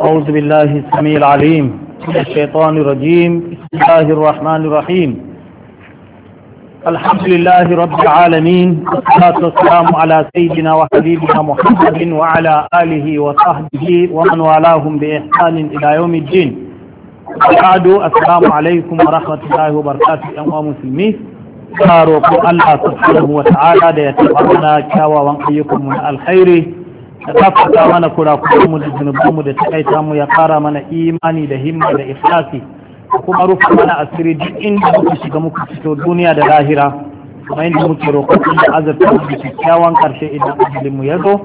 أعوذ بالله السميع العليم من الشيطان الرجيم بسم الله الرحمن الرحيم الحمد لله رب العالمين والصلاة والسلام على سيدنا وحبيبنا محمد وعلى آله وصحبه ومن والاهم بإحسان إلى يوم الدين بعد السلام عليكم ورحمة الله وبركاته يا مسلمين karo ko Allah subhanahu wa ta'ala da ya tabbata kyawawan da gafarta mana kurakuranmu da zunubanmu da takaita mu ya kara mana imani da himma da ikhlasi kuma rufe mana asiri duk inda muka shiga muka fito duniya da lahira kuma inda muke roƙon da azurta da kyakkyawan karshe idan ajalinmu ya zo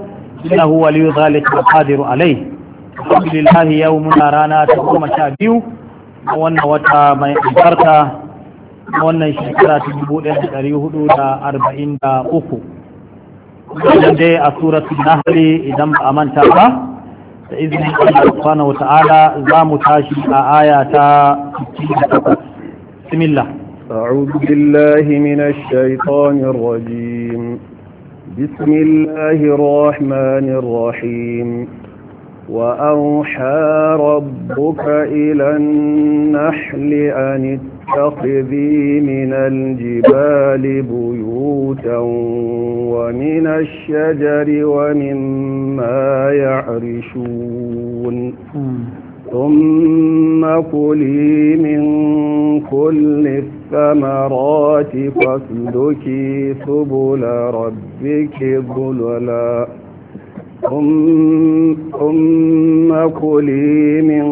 huwa liyu zalika qadiru alai alhamdulillah yau muna rana ta goma sha biyu na wannan wata mai albarka wannan shekara ta dubu ɗaya da ɗari hudu da arba'in da uku جندي أسورة النهل إدم أمان تابا بإذن الله سبحانه وتعالى زام تاشي آية تا بسم الله أعوذ بالله من الشيطان الرجيم بسم الله الرحمن الرحيم وأوحى ربك إلى النحل أن واتخذي من الجبال بيوتا ومن الشجر ومما يعرشون ثم كلي من كل الثمرات فاسلكي سبل ربك ظللا ثم كلي من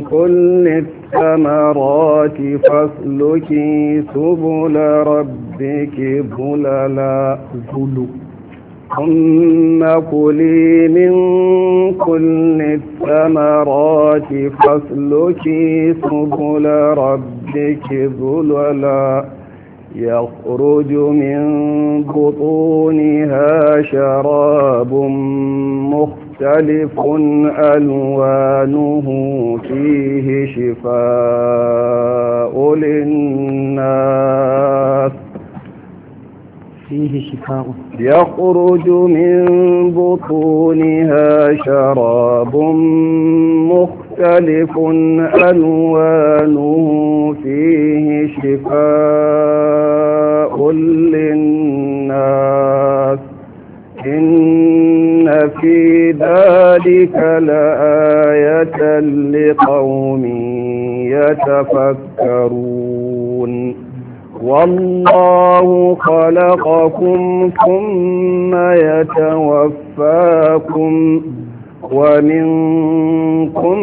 كل الثمرات فاسلكي سبل ربك بللا ثم كلي من كل الثمرات فاسلكي سبل ربك ظللا يخرج من بطونها شراب مختلف ألوانه فيه شفاء للناس فيه شفاء يخرج من بطونها شراب مختلف مختلف ألوانه فيه شفاء للناس إن في ذلك لآية لقوم يتفكرون والله خلقكم ثم يتوفاكم ومنكم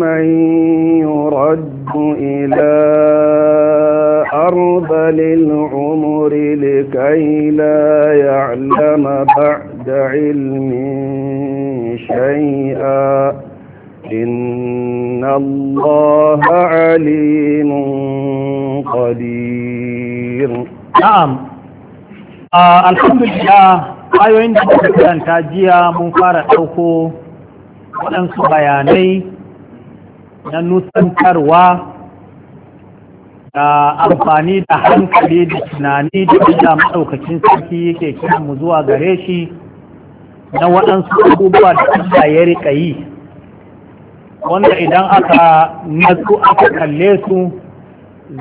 من يرد إلى أرض للعمر لكي لا يعلم بعد علم شيئا إن الله عليم قدير نعم آه الحمد لله ayoyin da muka karanta jiya mun fara ɗauko waɗansu bayanai na nusantarwa da amfani da hankali da tunani da bisa maɗaukacin sarki yake kiran mu zuwa gare shi na waɗansu abubuwa da Allah ya riƙa yi wanda idan aka nasu aka kalle su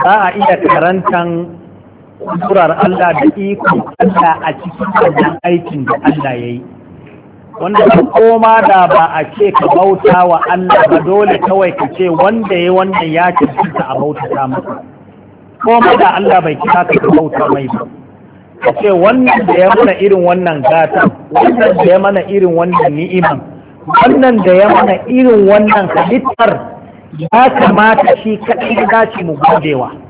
za a iya karantan kurar Allah da ikon Allah a cikin wannan aikin da Allah ya yi wanda ka koma da ba a ce ka bauta wa Allah ba dole kawai ka ce wanda ya wannan ya cancanta a bauta ta masa koma da Allah bai kira ka ka bauta mai ba ka ce wannan da ya mana irin wannan gata, wannan da ya mana irin wannan ni'iman wannan da ya mana irin wannan halittar ya kamata shi kaɗai ya dace mu wa.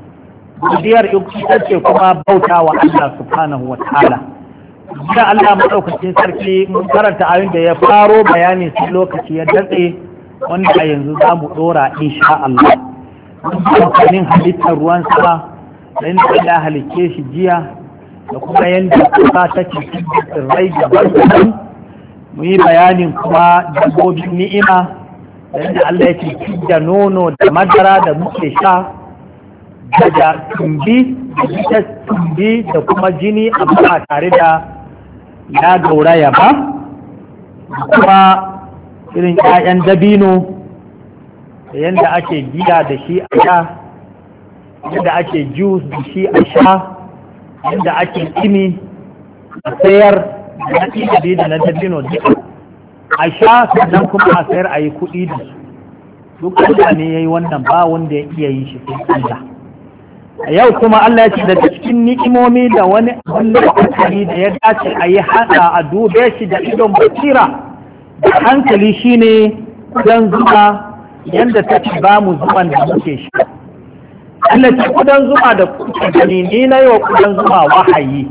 godiyar ita ce kuma bauta wa Allah subhanahu wa ta'ala da Allah madaukakin sarki mun karanta abin da ya faro bayani sun lokaci ya datse wanda yanzu za mu dora insha Allah amfanin halittar ruwan sama da inda ya halicce shi jiya da kuma yanda kusa take tsirrai da barkatun mu yi bayanin kuma dabbobin ni'ima da yadda Allah ya ce da nono da madara da muke sha daga tumbi da tumbi da kuma jini a ba tare da ya gauraya ba kuma irin 'ya'yan dabino da yadda ake giya da shi a sha yadda ake juice da shi a sha yadda ake ini a sayar da na ɗiɗi da na dabino duka a sha sannan kuma a sayar a yi kuɗi da su duk wanda ne ya yi wannan ba wanda ya iya yi shi sai a yau kuma Allah ya ce da cikin ni'imomi da wani hankali da ya dace a yi hada a dube shi da idon basira da hankali shi ne kudan zuba yadda ta ci ba mu zuban da muke shi Allah ce kudan zuba da kuka gani ni na yi wa kudan zuba wahayi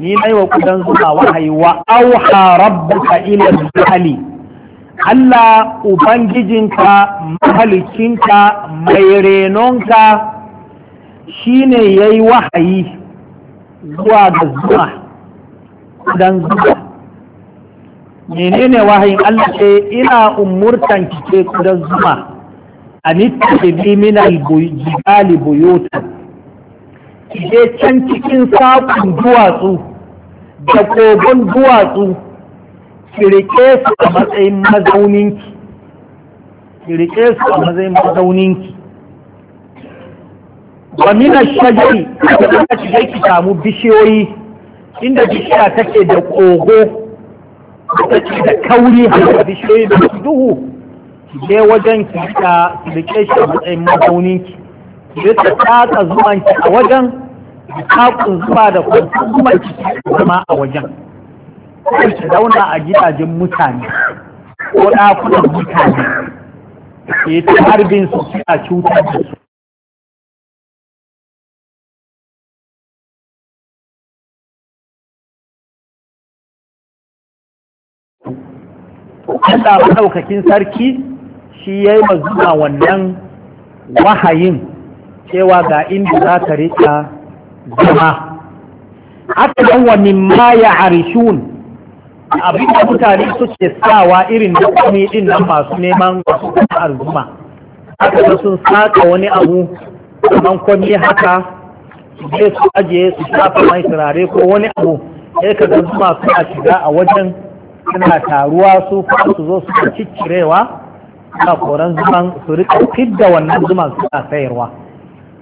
ni na yi wa kudan zuba wahayi wa auha rabbuka ila zuhali Allah ubangijinka mahalicinka mai renonka Shi shine yi wahayi zuwa ga zuwa dan zuwa menene wahayin Allah ce ina umurtan kike ce kudan zuwa a nittabi min al buyutan ki je can cikin sakon duwatsu da kogon duwatsu ki rike su a matsayin mazaunin ki su a matsayin mazauninki wa min shajari da shiga ki samu bishiyoyi inda bishiya take da kogo take da kauri da bishiyoyi da duhu ki je wajen ki ka rike shi a matsayin mazaunin ki ki ta tsaka zuman ki a wajen takun zuwa da kwanciyar zuwan ki zama a wajen sai ki zauna a gidajen mutane ko ɗakunan mutane ke ta harbin su a cutar da su Allah maɗaukakin sarki shi ya yi mazuna wannan wahayin cewa ga inda za ta riƙa zama aka nan wa ma ya arishun abin da mutane suke sawa irin da kuma din nan masu neman wasu kuma arzuma aka ga sun saka wani abu kaman kome haka je su ajiye su shafa mai turare ko wani abu ya ka zama zuma suna shiga a wajen suna taruwa su kuma su zo suna ciccirewa suna koran zuman su rika fidda wannan zuman suna sayarwa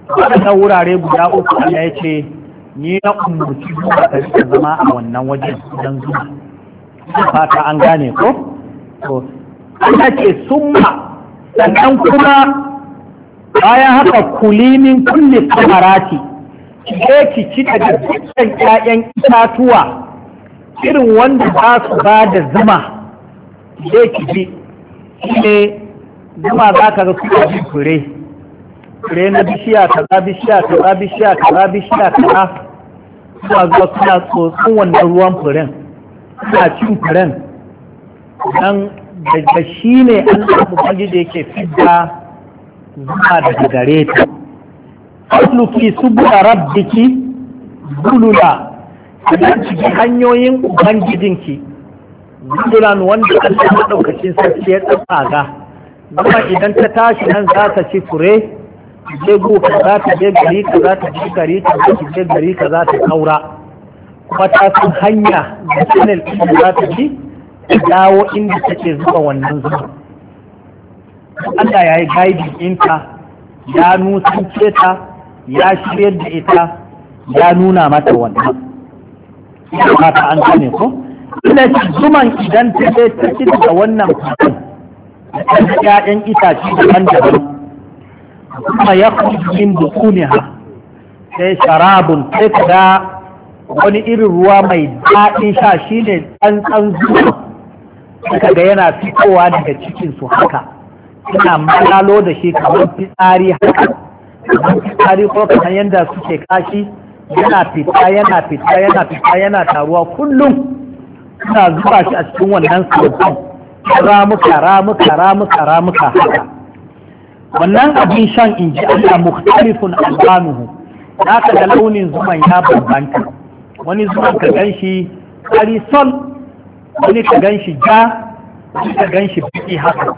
waɗannan wurare guda uku Allah ya ce ni na umurci zuwa ta rika zama a wannan wajen don zuma fata an gane ko to Allah ce summa sannan kuma bayan haka kulimin kulli samarati ke ki ci daga dukkan 'ya'yan itatuwa irin wanda za su ba da zama da kiji shi ne zama za ka ga kuma ji fure fure na bishiya kaza bishiya kaza bishiya kaza bishiya kaza suna zuwa suna tsotson wannan ruwan furen suna cin furen dan daga shi ne an abu bangi da yake fidda zuwa daga gare ta asluki bula rabdiki bulula. ciki hanyoyin ubangijinki gudunan wanda ta maɗaukacin sarki ya ga kuma idan ta tashi nan za ta ci fure je guka za ta je gari ka za ta je gari ka za ta je gari ka za ta kaura kuma ta san hanya da channel ɗin za ta ci ta dawo inda take zuwa wannan zuwa Allah ya yi gaibin ɗinta ya nusance ta ya shirya da ita ya nuna mata wannan mata an ko ina ci zuman idan ta je ta ci da wannan kwatan da ƴaƴan itace daban daban kuma ya kuma min sai sharabun sai kada wani irin ruwa mai daɗin sha shine tsantsan zuwa suka ga yana fitowa daga cikinsu haka suna malalo da shi kamar fitsari haka kamar fitsari ko kamar yadda suke kashi yana fita yana fita yana fita yana taruwa kullum suna zuba shi a cikin wannan sauƙin ramuka ramuka ramuka ramuka haka wannan abin shan inji ji Allah mukhtalifun albanuhu ka da launin zuman ya bambanta wani zuman ka gan shi sol wani ka gan shi ja wani ka gan shi biki haka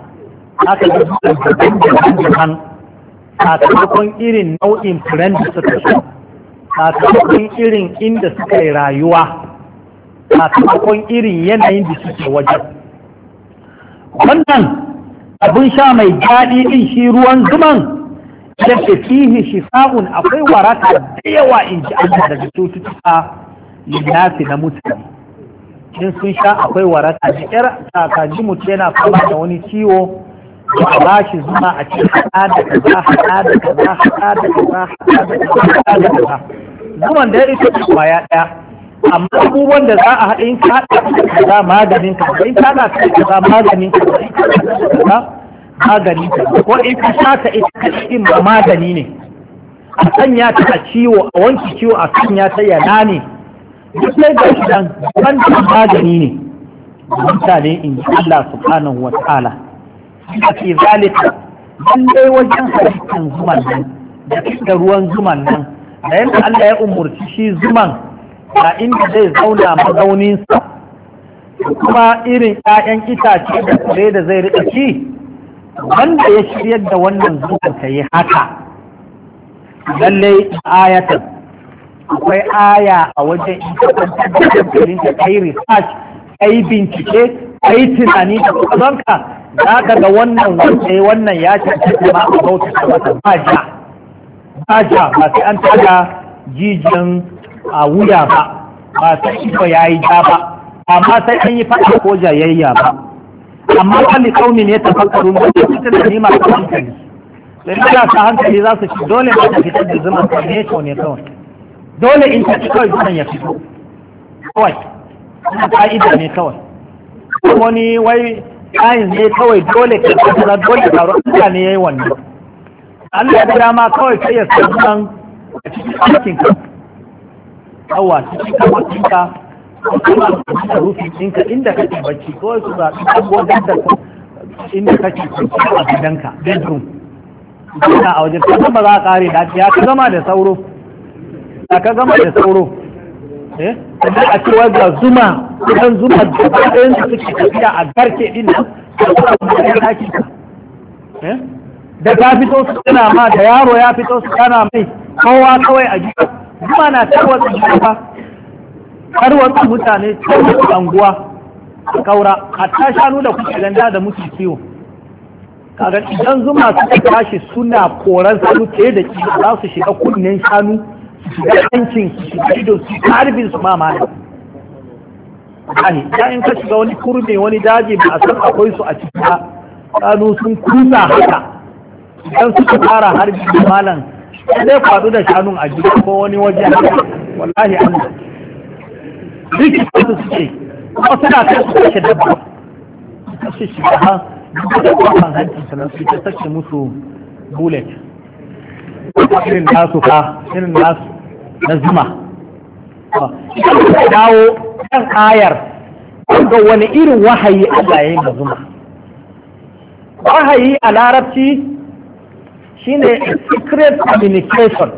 haka da zuman da daban daban sakamakon irin nau'in furen da suka sha sakamakon irin inda suka yi rayuwa sakamakon irin yanayin da suke wajen wannan abin sha mai daɗi ɗin shi ruwan zuman da ke fihi sa'un akwai waraka da yawa in ji Allah daga cututtuka linnasi na mutane in sun sha akwai waraka da ƙyar sakaji mutu yana fama da wani ciwo a ba shi zuma a ce haɗa da kaza haɗa da kaza haɗa da kaza haɗa da kaza haɗa da kaza zuman da ya rike ta kwaya ɗaya amma abubuwan da za a haɗa in ka haɗa kaza maganin kaza in ka haɗa kaza maganin kaza in ka haɗa kaza magani kaza ko in ka sa ka ita kaɗin ma magani ne a sanya ta a ciwo a wanki ciwo a sanya ta yana ne duk sai ga shi dan magani ne mutane in ji Allah subhanahu wa ta'ala da ke zalika lallai wajen halittar zuman nan da da ruwan zuman nan da yadda Allah ya umurci shi zuman da inda zai zauna mazauninsa kuma irin 'ya'yan itace da kure da zai riƙa ci wanda ya shiryar da wannan zuwan ka yi haka lallai ayatan akwai aya a wajen inkatantar da hankalin kai research kai bincike kai tunani da kwazonka za ka ga wannan wance wannan ya cancanta ma a bauta ta wata ba ja ba ja ba sai an tada jijiyan a wuya ba ba sai ido ya yi ja ba amma sai an yi faɗa ko jayayya ba amma kalli ne ta tafakkaru ba ta fitar da nima ta hankali sai ta ta hankali za su ci dole ba ta fitar da zuma ta ne ne kawai dole in ta ci kawai zuma ya fito kawai ina ka'ida ne kawai wani wai kayan ne kawai dole ka tattara dole taro Allah ne ya yi wannan Allah ya dama kawai sai ya samu a cikin aikin ka awa cikin kamakin ka kuma ka rufi ɗinka inda ke bacci kawai su zaɓi abubuwan da inda ke kwanciya a gidanka bedroom ina a wajen kasan ba za a ƙare da ya ka gama da sauro ya ka gama da sauro kuma eh? a cewa ga zuma idan zuma da ɗayan da suke tafiya a garke ɗin nan da kuma ɗayan ɗakin ka eh? da ka fito su tana ma da yaro ya fito su tana mai kowa kawai a gida zuma na tarwatsa gida tarwatsa mutane tarwatsa anguwa a kaura a ta shanu da kuke ganda da muke kiwo kaga idan zuma suka tashi suna koran sanu da kila za su shiga kunnen shanu shiga hancin su su karbin su ma mana ya in ka shiga wani kurme wani daji ba a san akwai su a ciki ba shanu sun kusa haka idan suka fara harbi da malam zai faɗu da shanun a gida ko wani waje wallahi an da duk su suke kuma suna kai su kashe dabba kashe shi ba duk da kwanan hanci sanar su ta sake musu bullet irin nasu fa irin nasu na zuma dawo kan ayar ga wani irin wahayi Allah ya yi na zuma wahayi a larabci shine secret communication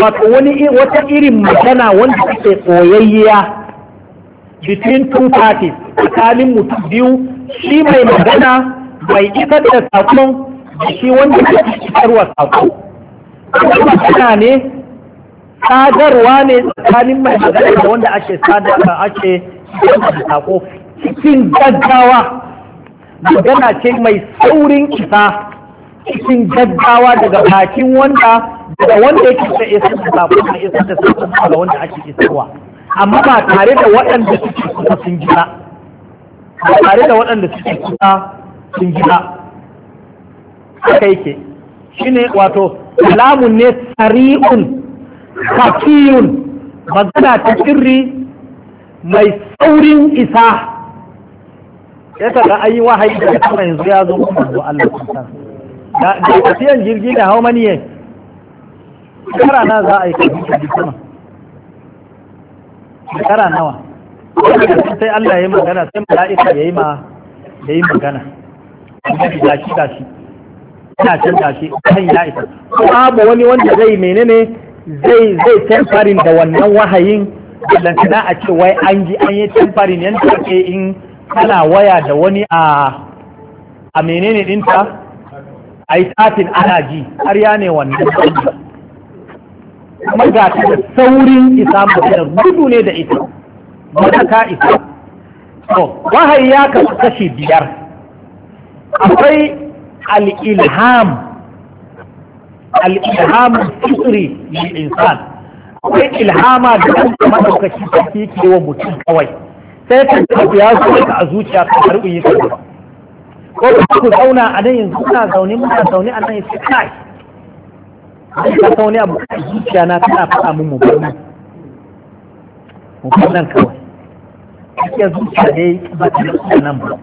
wato wani wata irin magana wanda take koyayya between two parties tsakanin mutum biyu shi mai magana mai isar da sakon da shi wanda ke isarwa sako magana ne sadarwa ne tsakanin mai magana da wanda ake sadarwa ake sako cikin gaggawa magana ce mai saurin isa cikin gaggawa daga bakin wanda daga wanda yake da isa da sako da isa da sako daga wanda ake isarwa amma ba tare da waɗanda suke kusa sun gina ba tare da waɗanda suke kusa sun gina haka yake shine wato alamun ne sari'un hakiyun magana ta sirri mai saurin isa ya kaga an yi wahayi da kuma yanzu ya zo kuma zuwa Allah kusa da tafiyan jirgi da hau maniye shekara na za a yi kafin jirgi sama shekara nawa sai Allah ya yi magana sai mala'ika ya yi ma ya yi magana shi gashi gashi ina can gashi kan ya isa babu wani wanda zai menene zai zai temfarin da wannan wahayin lantana a ce wai an ji an yi yan yadda ake in kana waya da wani a a menene dinta a yi tafin ana ji ƙarya ne wannan kuma ga ta da saurin isa mutum gudu ne da ita mataka isa to wahayi ya kashi biyar akwai ilham. al-ilhamu fikri lil insan akwai ilhama da kan madaukaki kake ke kewa mutum kawai sai ka tafi ya zo a zuciya ka karbi yi ka ko ku zauna a nan yanzu kuna zaune muna zaune a nan yanzu kai ka zaune abu a zuciya na kana faɗa mun mu bar mu bar nan kawai cikin zuciya dai ba ta nan ba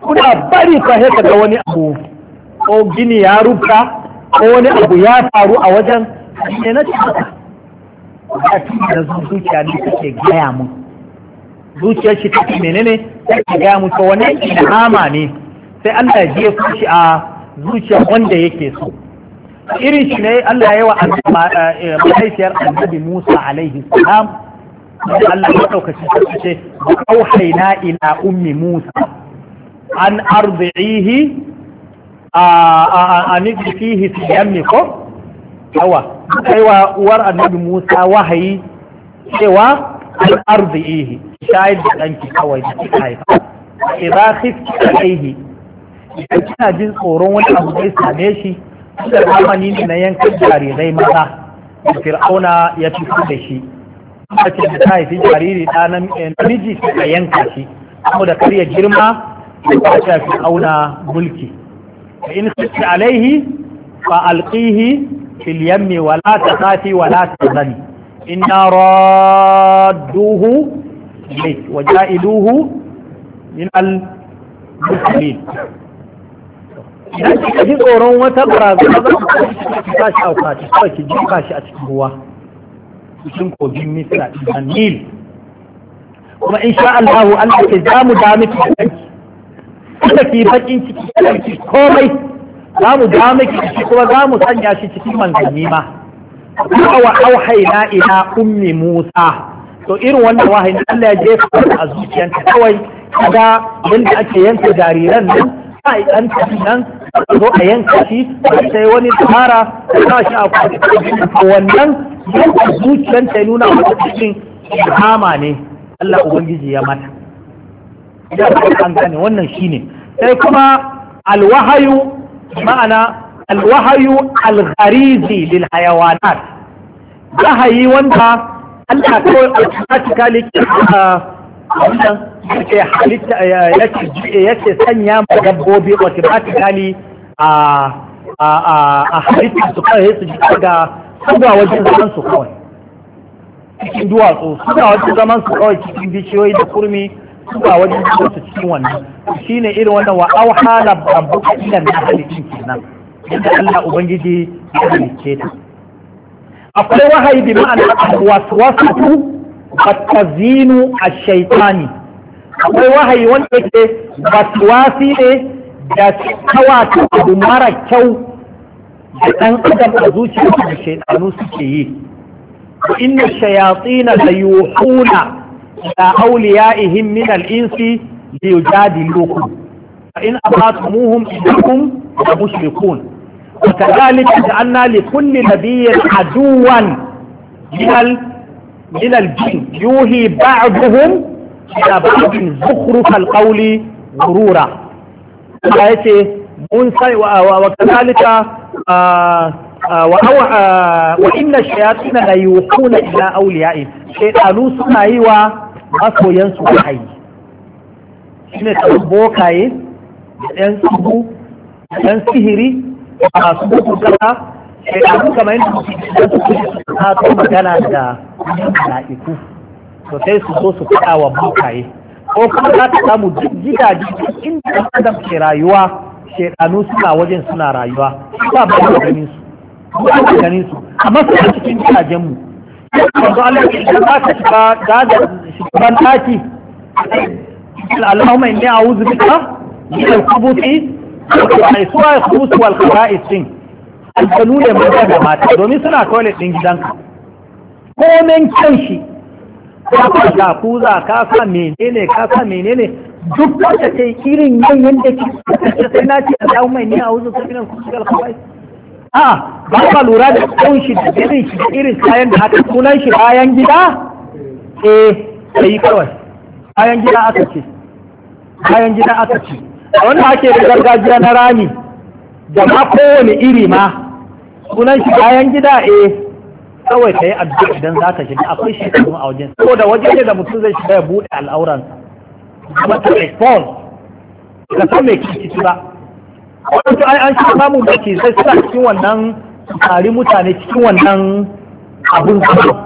kuna bari fa haka ga wani abu ko gini ya rubuta ko wani abu ya faru a wajen ne na cikin ba tun da zuciya ne take gaya mun zuciyar shi take menene take gaya mu to wani ilhama ne sai Allah ya je shi a zuciya wanda yake so irin shi ne Allah ya yi wa eh, mahaifiyar annabi Musa alaihi salam da Allah ya ɗaukaci ta ce ba auhaina ila ummi Musa an arzihi a nufi fihi su ne ko yawa kai wa uwar annabi musa wahayi cewa arzi ihi shayar da ɗanki kawai da ke haifa ke za a ihi idan kina jin tsoron wani abu zai same shi da zamani ne na yankan jarirai maza da fir'auna ya su da shi kuma mace da ta haifi jariri ɗa eh, namiji sai a yanka shi saboda kar ya girma ya shi fir'auna mulki فإن خفت عليه فألقيه في اليم ولا تخافي ولا تحزني إنا رادوه إليك وجائلوه من المسلمين إذا كنت في وتبرز فاش أو فاش أو كجي فاش أتكبوا يشنكو بمثل النيل وإن شاء الله أن تزام دامك بأيكي kada ki bakin ciki kada ki komai za mu ga miki kuma za mu sanya shi cikin manzanni ma wa auhayna ila ummi musa to irin wannan wahayin Allah ya jefa a zuciyanta kawai kada yanda ake yanka jariran nan ba a ɗan tafi nan zo a yanka shi sai wani tsara ta shi a kwanci wannan yanka zuciyarta ya nuna wata cikin hama ne Allah Ubangiji ya mata ya an gane wannan shine sai kuma alwahayu ma'ana alwahayu algharizi lil hayawanat wahayi wanda Allah kawai automatically ke ah, yake halitta yake sanya ma dabbobi automatically a ah, ah, a halitta su kawai su ji da suga wajen zaman su kawai cikin duwatsu suga wajen zaman su kawai cikin bishiyoyi da kurmi zuwa wajen zuwa su cikin wannan shi ne irin wannan wa auha rabbuka ila nahli kenan yadda Allah ubangiji ya halicce ta akwai wahayi bi ma'ana waswasatu watazinu ash-shaytani akwai wahayi wanda yake waswasi ne da ta abu mara kyau da ɗan adam a zuciyarsa da shaytanu suke yi wa inna shayatin la yuhuna da awliyaihim min al-insi liyujadilukum fa in abatumuhum idakum la mushrikun wa kadhalika ja'alna li kulli nabiyyin aduwan min al min al-jin yuhi ba'dhum ila ba'dhin zukhruf al-qawli ghurura ayace mun sai wa kadhalika wa inna shayatina la yuhuna ila awliya'i shaytanu suna yi su wahayi shi ne kamar bokaye da ɗan da ɗan sihiri a masu da shekaru kamar yadda ɗan su kuɗi su kato magana da mala'iku to sai su zo su faɗa wa bokaye ko kuma za ta samu duk gidaje duk inda ɗan adam ke rayuwa shekanu suna wajen suna rayuwa ba ba da ganin su ba ka ganin su amma suna cikin gidajenmu manzo Allah ya ce za ka shiga gaza shugaban ɗaki Allahumma inni a'udhu bika min al ya khubuthi wal khaba'is din ne mai da mata domin suna toilet din gidanka komen kyan shi ka fata kuza ka menene ka menene duk wata ce irin yin yanda ke sai na ce Allahumma inni a'udhu bika min al-khubuthi wal khaba'is a'a ba ka lura da tsawon shi da irin shi da irin kayan da haka sunan shi bayan gida eh sai kawai bayan gida aka ce bayan gida aka ce wanda ake da gargajiya na rami da ma kowane iri ma sunan shi bayan gida eh kawai ka yi addu'a idan za ka shiga akwai shi kuma a wajen da waje ne da mutum zai shiga ya buɗe al'auransa kuma ta expose ka san mai kici ba wadansu ai an shi samun da ke sai suna cikin wannan tsari mutane cikin wannan abun zama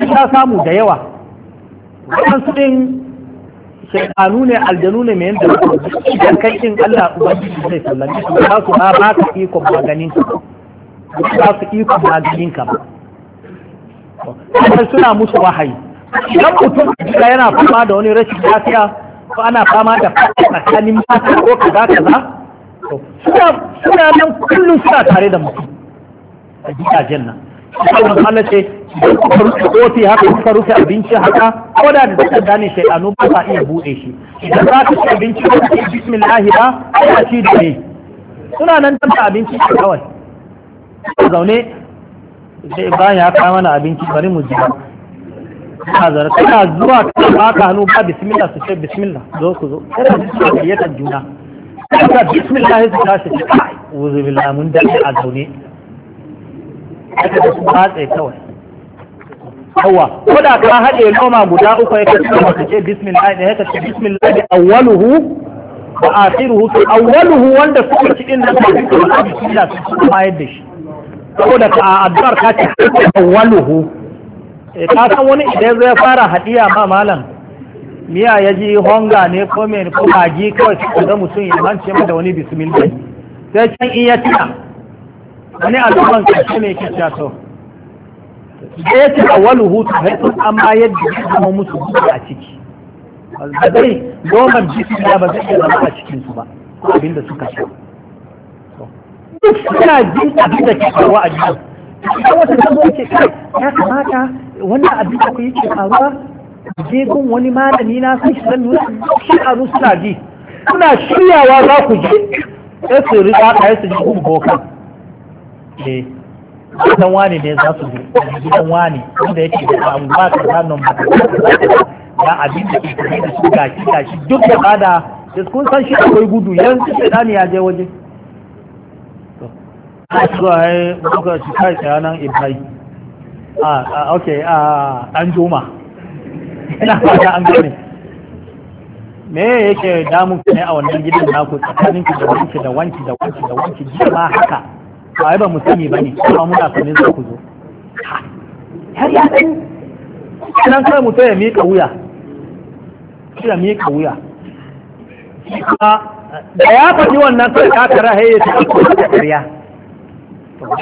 an sha samu da yawa wadansu din shekaru ne aljanu ne mai yadda idan kai in Allah ubangiji zai sallame su ba su ba ba ka iko maganin ka ba su iko maganin ka ba suna musu wahayi idan mutum da yana fama da wani rashin lafiya ko ana fama da fata tsakanin mata ko kaza kaza suna nan kullum suna tare da mutum a gidajen nan sauran Allah ce idan kuka rufe kofi haka kuka rufe abinci haka ko da da kuka gane shaidanu ba sa iya buɗe shi idan za ka ci abinci ba ka bismillah ba ka ci da ne suna nan tanta abinci ne kawai zaune sai bayan ya kawo mana abinci bari mu ji kana zara kana zuwa kana baka hannu ba bismillah su ce bismillah zo ku zo kana zuwa gayyatar juna daga su su kawai hawa ko ka haɗe loma guda uku ya ce ya kuma ka addu'ar ka ce awwaluhu eh, san wani idan zai fara hadiya ma malam miya ya ji honga ne ko mai ko magi kawai ka ga mutum ya mance da wani dai. sai can in ya tuna wani al'umman kashe mai ke taso sai ya ci wani hutu sai sun amma yadda ya zama musu duka a ciki ba zai goma ya ba zai zama a cikinsu ba abin da suka sha duk suna jin abin da ke faruwa a jiya wata zama ce kai ya kamata wannan abin da ku yake faruwa je gun wani malami na san shi zan nuna shi a rusuna ji kuna shiryawa za ku je sai su riga a yi su ji gun bokan ne eh, gidan wani ne za su ji gidan wani wanda yake da abu ba ka nan ba ya abin da ke tafi da su gashi gashi duk da bada da kun san shi akwai gudu yanzu shaidani ya je waje a su a yi muka shi kai tsayanan ibrahim a ah, ah, ok a ah, an juma ina fata an gane me yake damun ku ne a wannan gidan naku tsakanin ki da wanki da wanki da wanki da wanki jiya ma haka ba ai ba mu sani bane amma muna sanin za ku zo har ya dan nan kai mu ya mika wuya shi ya mika wuya da ya faɗi wannan kai ka kara haye ta da ƙarya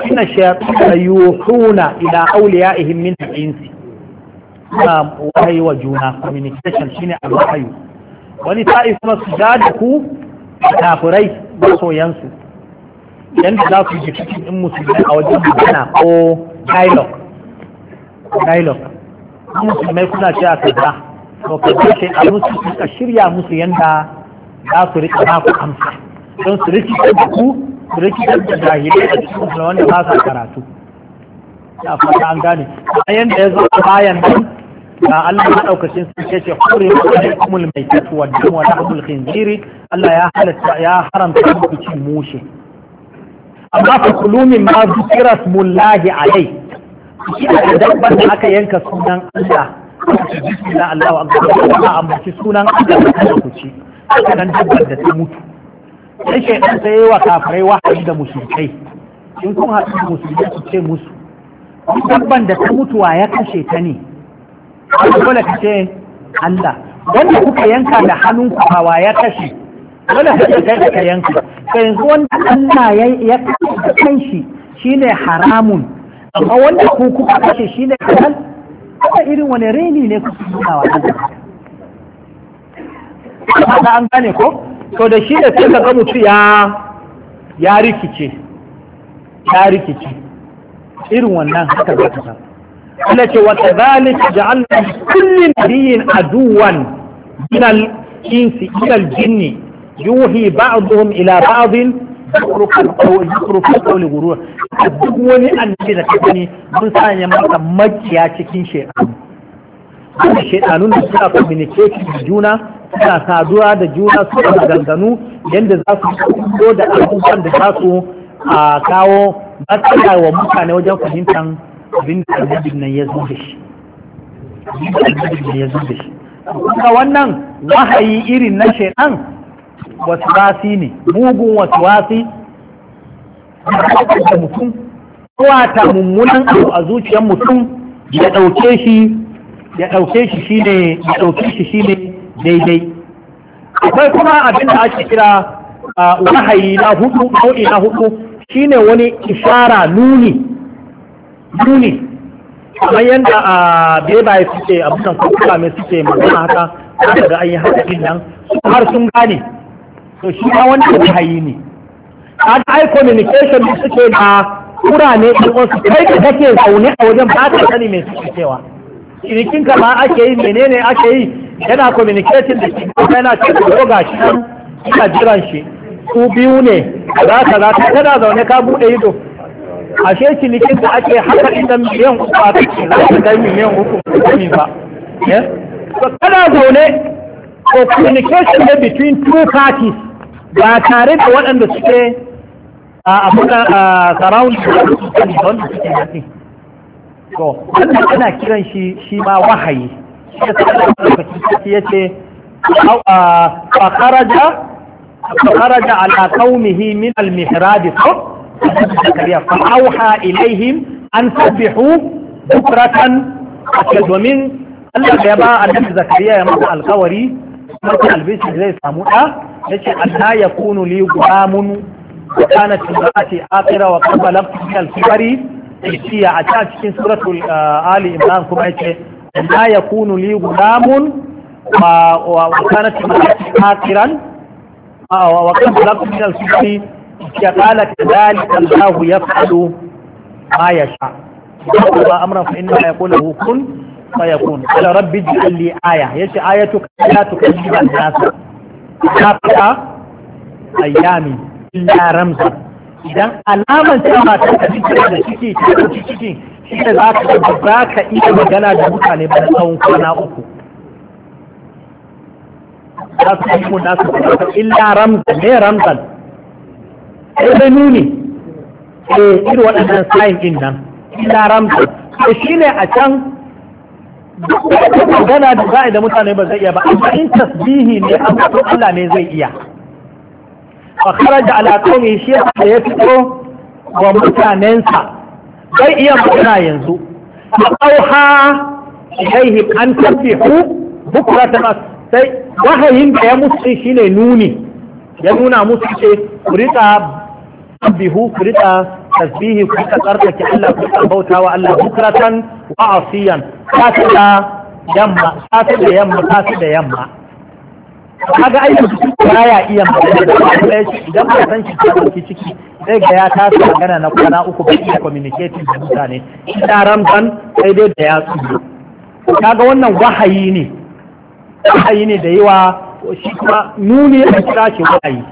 inna shayatin yuhuna ila awliyaihim min insi suna wahayi wa juna communication shine alwahayu wani sa'i kuma su ja da ku kafirai masoyansu yanda za su ji cikin in musulmai a wajen magana ko dialogue dialogue musulmai kuna cewa kaza to kaza sai a musu suka shirya musu yanda za su rika ba ku amsa don su rikitar da ku su rikitar da jahilai a cikin wanda ba sa karatu ya fata an gane a yanda ya zo bayan nan ga Allah shi sun ce ce kure alaikumul maitatu mai damu wa kumul khinziri Allah ya halatta ya haramta muku cin mushe amma fa kulumi min ma zikra smullahi alai shi da dabbar da aka yanka sunan Allah bismillah Allahu akbar ba ambaci sunan Allah da ku ci aka nan dabbar da ta mutu sai an sai wa kafirai wahayi da musulmai in kun haɗu musulmi ku ce musu dabban da ta mutuwa ya kashe ta ne dole ka ce Allah wanda kuka yanka da hannun ku hawa ya kashe dole ka ce kai ka yanka sai yanzu wanda Allah ya kashe kan shi shine haramun amma wanda ku kuka kashe shine halal kuma irin wani reni ne kuka nuna wa Allah an gane ko to da shi da sai ka ga mutu ya ya rikice ya rikice irin wannan haka za ta samu Allah ce wa kadhalika ja'alna kulli nabiyyin aduwan min al-insi min jinni yuhi ba'dhum ila ba'dhin zukurukar kauli duk wani annabi da ka gani mun sanya masa makiya cikin shekaru da shaidanun da suna communication da juna suna saduwa da juna suna maganganu yadda za su fito da abubuwan da za su kawo ba tsaya wa mutane wajen fahimtar abin da annabin nan ya zo da shi kuma wannan wahayi irin na shaitan wasi ne mugun wasi da mutum kowata mummunan abu a zuciyar mutum ya ɗauke shi ya ɗauke shi shine ya ɗauke shi shine daidai akwai kuma abin da ake kira wahayi na hudu nau'i na hudu Shi ne wani ishara nuni nuni kamar yadda a bebaye suke abukan kuka mai suke magana haka aka ga an yi haka din nan har sun gane to shi ma wanda ya hayi ne da ai communication da suke da kura ne ɗan wasu kai da take zaune a wajen ba ta sani mai suke cewa cinikin ka ma ake yi menene ake yi yana communicating da shi yana cikin yoga shi yana jiran shi su biyu ne za ka za ka tana zaune ka buɗe ido ashe cinikin da ake haka idan miliyan uku a kake za ka kai miliyan uku ne ba eh? kana zaune ko communication ne between two parties ba tare da waɗanda suke a abuka a surrounding da wanda suke haɗe to wannan ana kiran shi shi ma wahayi shi ya sa da lokaci ya ce a kharaja فخرج على قومه من المحراب صف فأوحى إليهم أن سبحوا بكرة أشد ومن الله يبا النبي زكريا يا مرحبا القوري مرحبا البيت زي سامونا لكي أن لا يكون لي غلام وكانت امرأتي آخرة وقد لبت من الكبري الشيعة أشاد في سورة آه، آل إمران كما أن لا يكون لي غلام وكانت امرأتي آخرة awa wa kan za ku min al-sufri ya qala kadhalika Allah yaf'alu ma yasha wa amran fa inna yaqulu kun fayakun qala rabbi ij'al li aya yace ayatu la tukallimu an-nas kafa ayyami illa ramza idan alaman cewa ta tafi da ciki ta ciki shi ne za ka iya magana da mutane ba tsawon kwana uku za su yi mun nasu da illa ramzan ne ramzan sai da nuni eh irin waɗannan sign in nan illa ramzan to shine a can duk wata magana da za a yi da mutane ba zai iya ba amma in tasbihi ne amma to Allah ne zai iya fa kharaja ala qaumi shi da ya fito wa mutanensa zai iya magana yanzu fa auha ilaihi an tasbihu bukratan sai wahayin da ya shi ne nuni ya nuna musu ce ku rika bihu ku tasbihi ku rika tsarkake Allah ku rika bautawa Allah bukratan wa asiyan kasu da yamma kasu da yamma kasu da yamma kaga ai mutum baya iya magana da idan ba san shi ta dauki ciki sai ga ya taso magana na kwana uku ba iya communicating da mutane idan ramdan sai dai da ya tsuru kaga wannan wahayi ne ra'ayi ne da yawa shi kuma nuni ya kira shi wahayi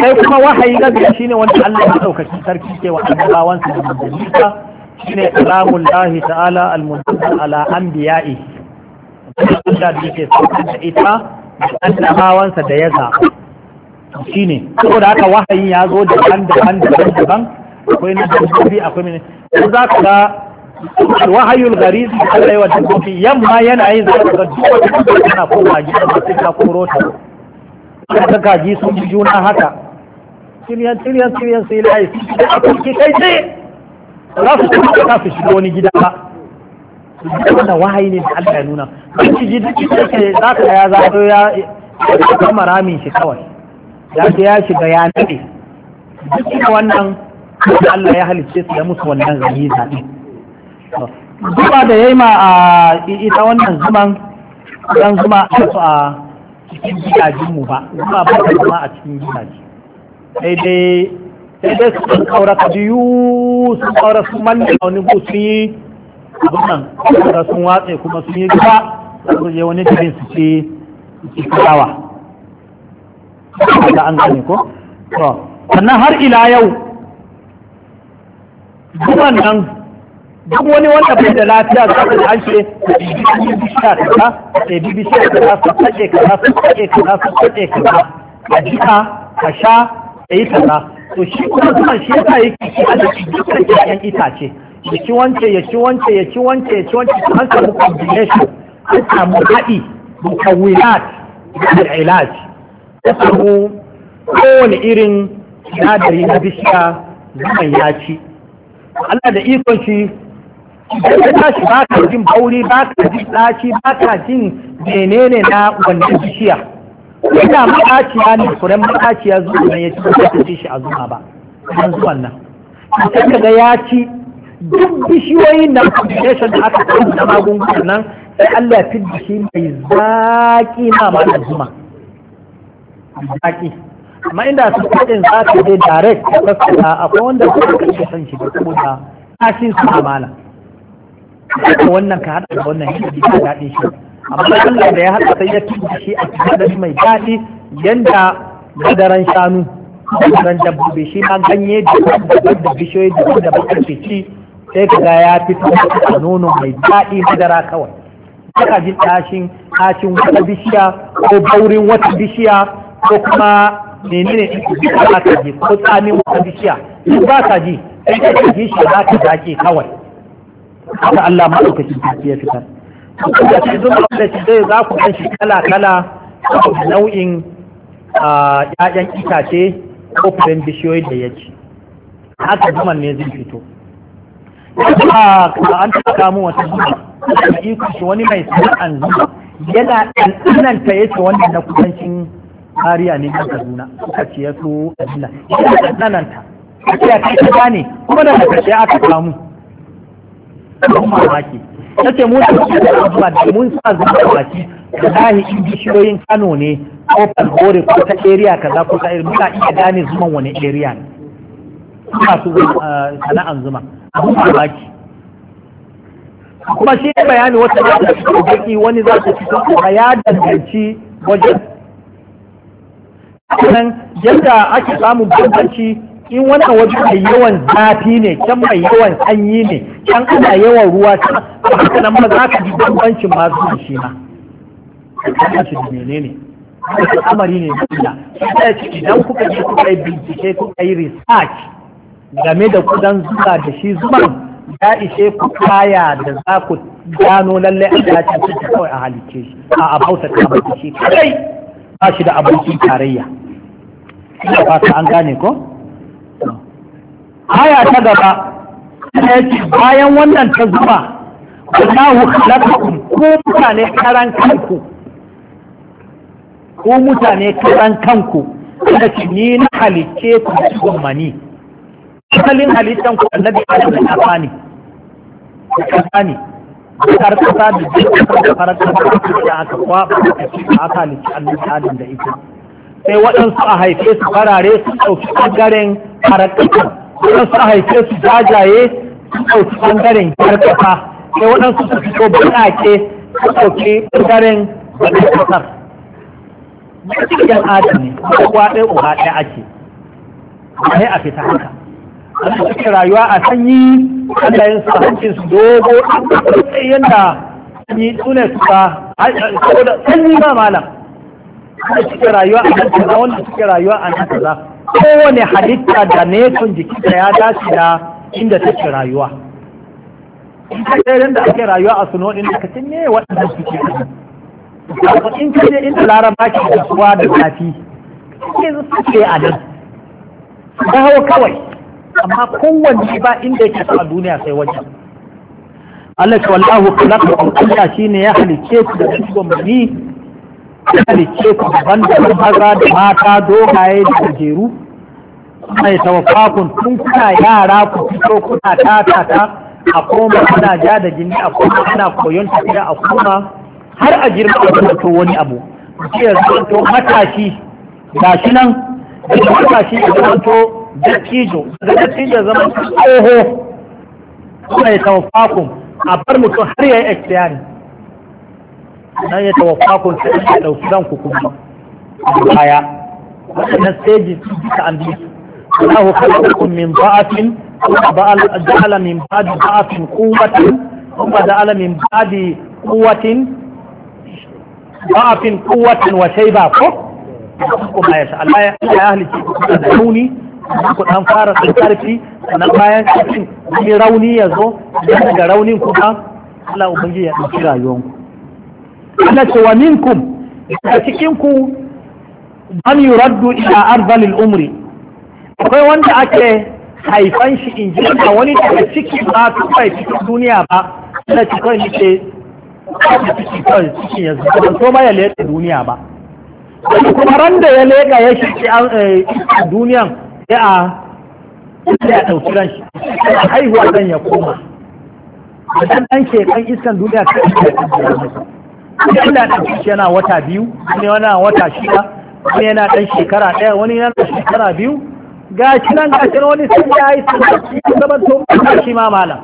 sai kuma wahayi gaskiya shine wanda Allah ya daukaci sarki ke wa annabawan su da shi ne kalamul lahi ta'ala al-muntazir ala anbiya'i Allah da yake saukar da ita da annabawansa da ya zaɓa shine saboda haka wahayi ya zo daban daban daban daban akwai na dabbobi akwai mene za ka ga wahayul gari su kallai wa dabbobi yamma yana yin zai ga duk wata dabba tana koma gida ba sai ta koro ta ka gaji sun ji juna haka tiliyan tiliyan tiliyan sai lai su da akwai kai sai za su kuma ka su shiga wani gida ba wanda wahayi ne da Allah ya nuna kan ci ji duk yake za ka ya zato ya kama ramin shi kawai ya ce ya shiga ya nade duk wannan da Allah ya halicce su da musu wannan gani zaɓe zuba da ya yi ma a ita wannan zuman don zuma a cikin gidajenmu ba zuma ba ta zuma a cikin gidaje sai dai sun kaura ka biyu sun kaura sun manne wani bu sun yi abin nan kaura sun watse kuma sun yi gaba a je wani jirin su ce su kawa da an gane ko to sannan har ila yau zuman nan duk wani wanda bai da lafiya za ka an ce bishiya ta ta sai bishiya ta ta su kaɗe ka za su kaɗe ka za su kaɗe ka za a jika ka sha ka yi ka za to shi kuma zuwan shi yasa yake ci a da dukkan ƴaƴan itace ya ci wance ya ci wance ya ci wance ya ci wance an samu combination an samu haɗi mutawilat da ilaj ya samu kowane irin sinadari na bishiya zaman ya ci Allah da ikon shi idan ta tashi ba ka jin bauri ba ka jin ɗaci ba ka jin menene na wannan bishiya ina makaciya ne kuren makaciya zuwa nan ya ci ba ta ci shi a zuwa ba an zuwa nan sai ka ga ya ci duk bishiyoyin nan combination da aka kai na magungunan nan sai Allah ya fi shi mai zaƙi na ma da zuma zaƙi amma inda su kaɗin za ka je direct ka kasa akwai wanda su ka kashe san shi da kuma da tashin su amana wannan ka haɗa da wannan shi da daɗin shi amma Allah da ya haɗa sai ya tuba shi a cikin mai daɗi yanda madaran shanu madaran dabbobi shi ma ganye da da bishiyoyi da da bakin fici sai ka ga ya fito da nono mai daɗi madara kawai saka jin tashin tashin wata bishiya ko baurin wata bishiya ko kuma menene ba ka ji ko tsamin wata bishiya duk ba ka ji sai ka ji shi za ka dace kawai haka Allah maɗaukakin sarki ya fitar da shi zuma da shi zai za ku san shi kala kala nau'in ƴaƴan itace ko furen bishiyoyi da ya ci haka zuma ne zai fito an taɓa mu wata zuma da iko shi wani mai sana'an zuma yana ɗanɗananta ya ce wannan na kudancin kariya ne na kaduna suka ce ya so kaduna yana ɗanɗananta a ce a kai ta ne kuma da kashe aka samu don mamaki ta ce mun sauke da da mun sa zuwa baki da zahi in bishiyoyin kano ne ko falgore ko ta area kaza ko ta irin muna iya gane zuman wani area ne suna uh, sana'an zuma abun mamaki kuma shi ne bayani wata da ta fito baki wani za ta fito kuma ya danganci wajen nan yadda ake samun bambanci in wani a waje mai yawan zafi ne can mai yawan sanyi ne can ana yawan ruwa ta haka nan ma za ka ji bambancin ma zuwa shi ma kana shi mene ne al'amari ne da sai ce idan kuka je kuka yi bincike kuka yi research game da kudan zuwa da shi zuwa ya ishe ku kaya da za ku gano lallai a dacin su kawai a halice shi a abauta ta shi kai ba shi da abokin tarayya ina fata an gane ko aya ta gaba ya ce bayan wannan ta zuba wallahu khalaqakum ko mutane karan kanku ko mutane karan kanku da ni na halice ku cikin mani halin halittan ku annabi adam da kafa ne kafa ne kar kasa da dukkan da farar kasa da aka kwaba a aka halicci annabi da ita sai waɗansu a haife su farare su ɗauki ɓangaren farar waɗansu a haife su jajaye su ɗauki ɓangaren karkata sai waɗansu su fito baƙaƙe su ɗauki ɓangaren baƙin ƙasar yan adam ne kowa ɗaya uba ɗaya ake sai a fita haka ana cikin rayuwa a sanyi Allah yin su hancin su dogo sai yadda sanyi yi ne su ba saboda sanyi ba malam ana cikin rayuwa a nan kaza wanda cikin rayuwa a nan kaza kowane halitta da neton da ya dace da inda take rayuwa in ka je da ake rayuwa a suno din ka ce me waɗannan suke a in ka je inda laraba ke kasuwa da zafi ke suke a nan hau kawai amma kowanne ba inda yake a duniya sai wajen Allah ce wallahu khalaqakum Allah shine ya halicce ku da cikin mani ya halicce ku daban da maza da mata dogaye da jeru mai tawafakun tun kuna yara ku fito kuna ta a koma kuna ja da jini a koma kuna koyon tafiya a koma har a girma a to wani abu ce ya zanto matashi ga shi nan da matashi ya zanto dattijo da dattijo zama tsoho kuma ya tawafakun a bar mutum har ya yi ekstiyari nan ya tawafakun sai ya ɗauki ku kuma a baya waɗannan stages duka an biyu الله خلقكم من ضعف جعل من بعد ضعف قوة ثم جعل من بعد قوة ضعف قوة وشيبة kuma ya sha Allah ya ahli da ku dan fara da sannan bayan kafin wani rauni ya zo daga raunin ku ba Allah ya dauki rayuwar ku Allah ce minkum daga cikin ku man yuraddu ila arzalil umri akwai wanda ake haifan shi in ji ba wani daga ciki ba su bai cikin duniya ba na cikin shi ce a ciki kawai cikin ya zuba ban so ma ya leƙa duniya ba wani kuma ran da ya leƙa ya shi a eh, duniyan ya a ya ɗauki ran shi a haihuwa zan ya koma a ɗan ɗan ke kan iskan duniya ta ɗauki ran shi yana ɗan shi yana wata biyu wani yana wata shida wani yana ɗan shekara ɗaya wani yana ɗan shekara biyu gashi nan gashi wani sun ya yi sun zaman to shi ma malam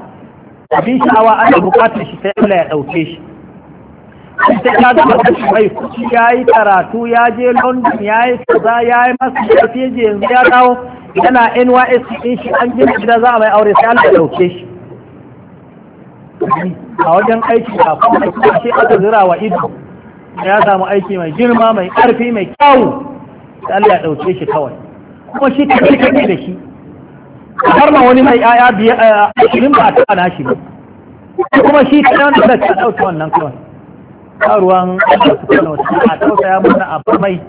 abin sha'awa ana bukatar shi sai Allah ya ɗauke shi shi ta zama shi mai kuci ya yi karatu ya je london ya yi kaza ya yi masu tafiye je ya dawo yana nys din shi an gina gida za a mai aure sai Allah ya ɗauke shi a wajen aiki da kuma shi aka zira wa ido ya samu aiki mai girma mai karfi mai kyau, sai Allah ya ɗauke shi kawai kuma shi kaɗai kaɗai da shi har ma wani mai yaya biya cikin eh, ba a taɓa na shi ba kuma shi ta wanda da ta ɗauki wannan kawai Ta ruwan a ɗauka ya mana a bar mai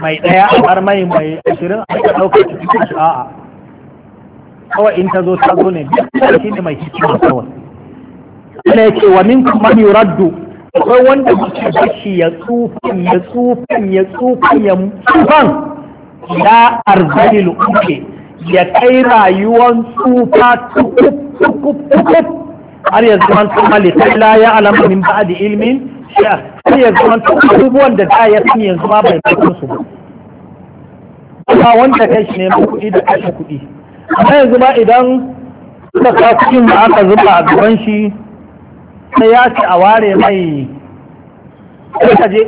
mai ɗaya a bar mai mai ashirin a ka ɗauka ta cikin a'a kawai in ta zo ta zo ne biyar shi ne mai hikima kawai Allah yake wa min kuma man raddu akwai wanda mutum bashi ya tsufan ya tsufan ya tsufan ya tsufan Ya arzalil uke ya kai rayuwan tsufa tukuf tukuf har ya zama tuma likai la ya alama min ilimin? ilmin har ya zama abubuwan da da ya sani yanzu ma bai fito su ba ba wanda kai shi ne kuɗi da kashe kuɗi amma yanzu ma idan suka kawo cikin da aka zuba a gaban shi sai ya ce a ware mai sai ka je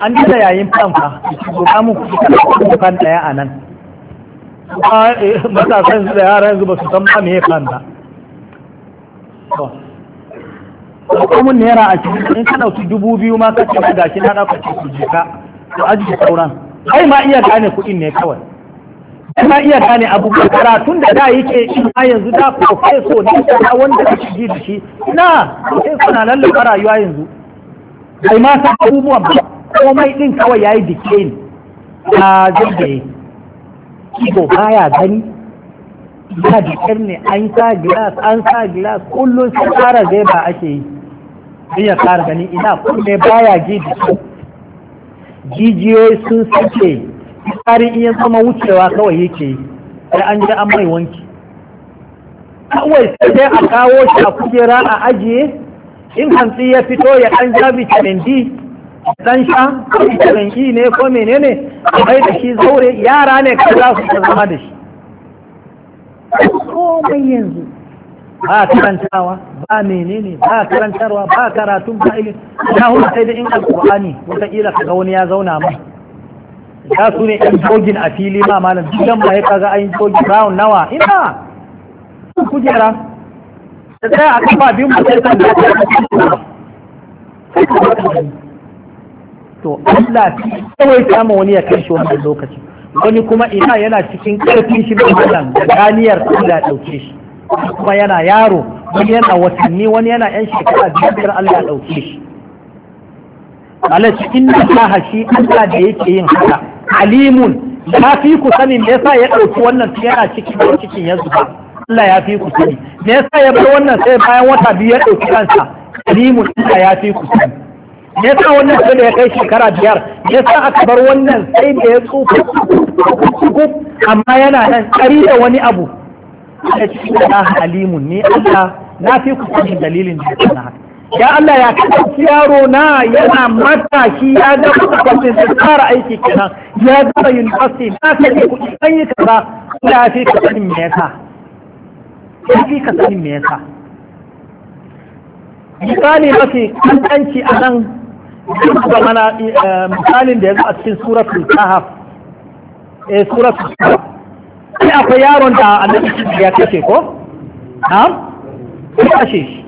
an da yayin fan fa ba mu da fan ɗaya ba nan eh, matasan da yaran zuba su san ba me fan ba mun naira a cikin in ka dauki dubu biyu ma ka ce ga shi na ɗauka ku ji ka to ajiye sauran kai ma iya gane kuɗin ne kawai kai ma iya gane abubuwa karatun da da yake in ma yanzu da profeso ne da wanda kake ji da shi na profeso na lallaba rayuwa yanzu kai ma san abubuwan ba komai din kawai ya yi decaying a zagaye ba baya gani ya dikar ne an sa gilas, an sa gilas. kullum sai kara zai ba ake yi sai ya kara gani ina kullum baya ji jiki jijiyoyi sun sake tsarin iya zama wucewa kawai yake yi sai an ji an mai wanki kawai sai dai a kawo shi a kujera a ajiye in hantsi ya fito ya ɗan ja vitamin d dan sha kanki ne ko menene bai da shi zaure yara ne ka za su zama da shi komai yanzu ba karantawa ba menene ba karantarwa ba karatun ba na hudu sai da in alƙur'ani, wataƙila ka ga wani ya zauna ma ya su ne yan jogin a fili ma malam dukkan ba ya kaga an jogin round nawa ina kujera da tsaya a kafa biyu mutum kan da ta to Allah kawai kama wani ya kai shi wannan lokaci wani kuma ina yana cikin karfin shi mai malam da ganiyar da dauke shi kuma yana yaro wani yana watanni wani yana yan shekara biyar Allah ya dauke shi Allah cikin nasaha shi Allah da yake yin haka alimun ya fi ku sani me yasa ya dauki wannan yana cikin cikin ya zuba Allah ya fi ku sani me yasa ya bar wannan sai bayan wata biyu ya dauki kansa alimun Allah ya fi ku sani me yasa wannan sai da ya kai shekara biyar ya yasa aka bar wannan sai da ya tsufa amma yana nan tsari da wani abu da cikin da halimun ni Allah na fi ku dalilin da ya na haka ya Allah ya kasance yaro na yana mataki ya ga kwamfin da tsara aiki kenan ya gama university na kashe kuɗi an yi kaza ya fi ka sanin me yasa ya fi ka sanin me yasa misali mafi kankanci a nan da mana eh, misalin da ya zo a cikin eh suratul sai akwai yaron da ya kashe ko na'am ya shi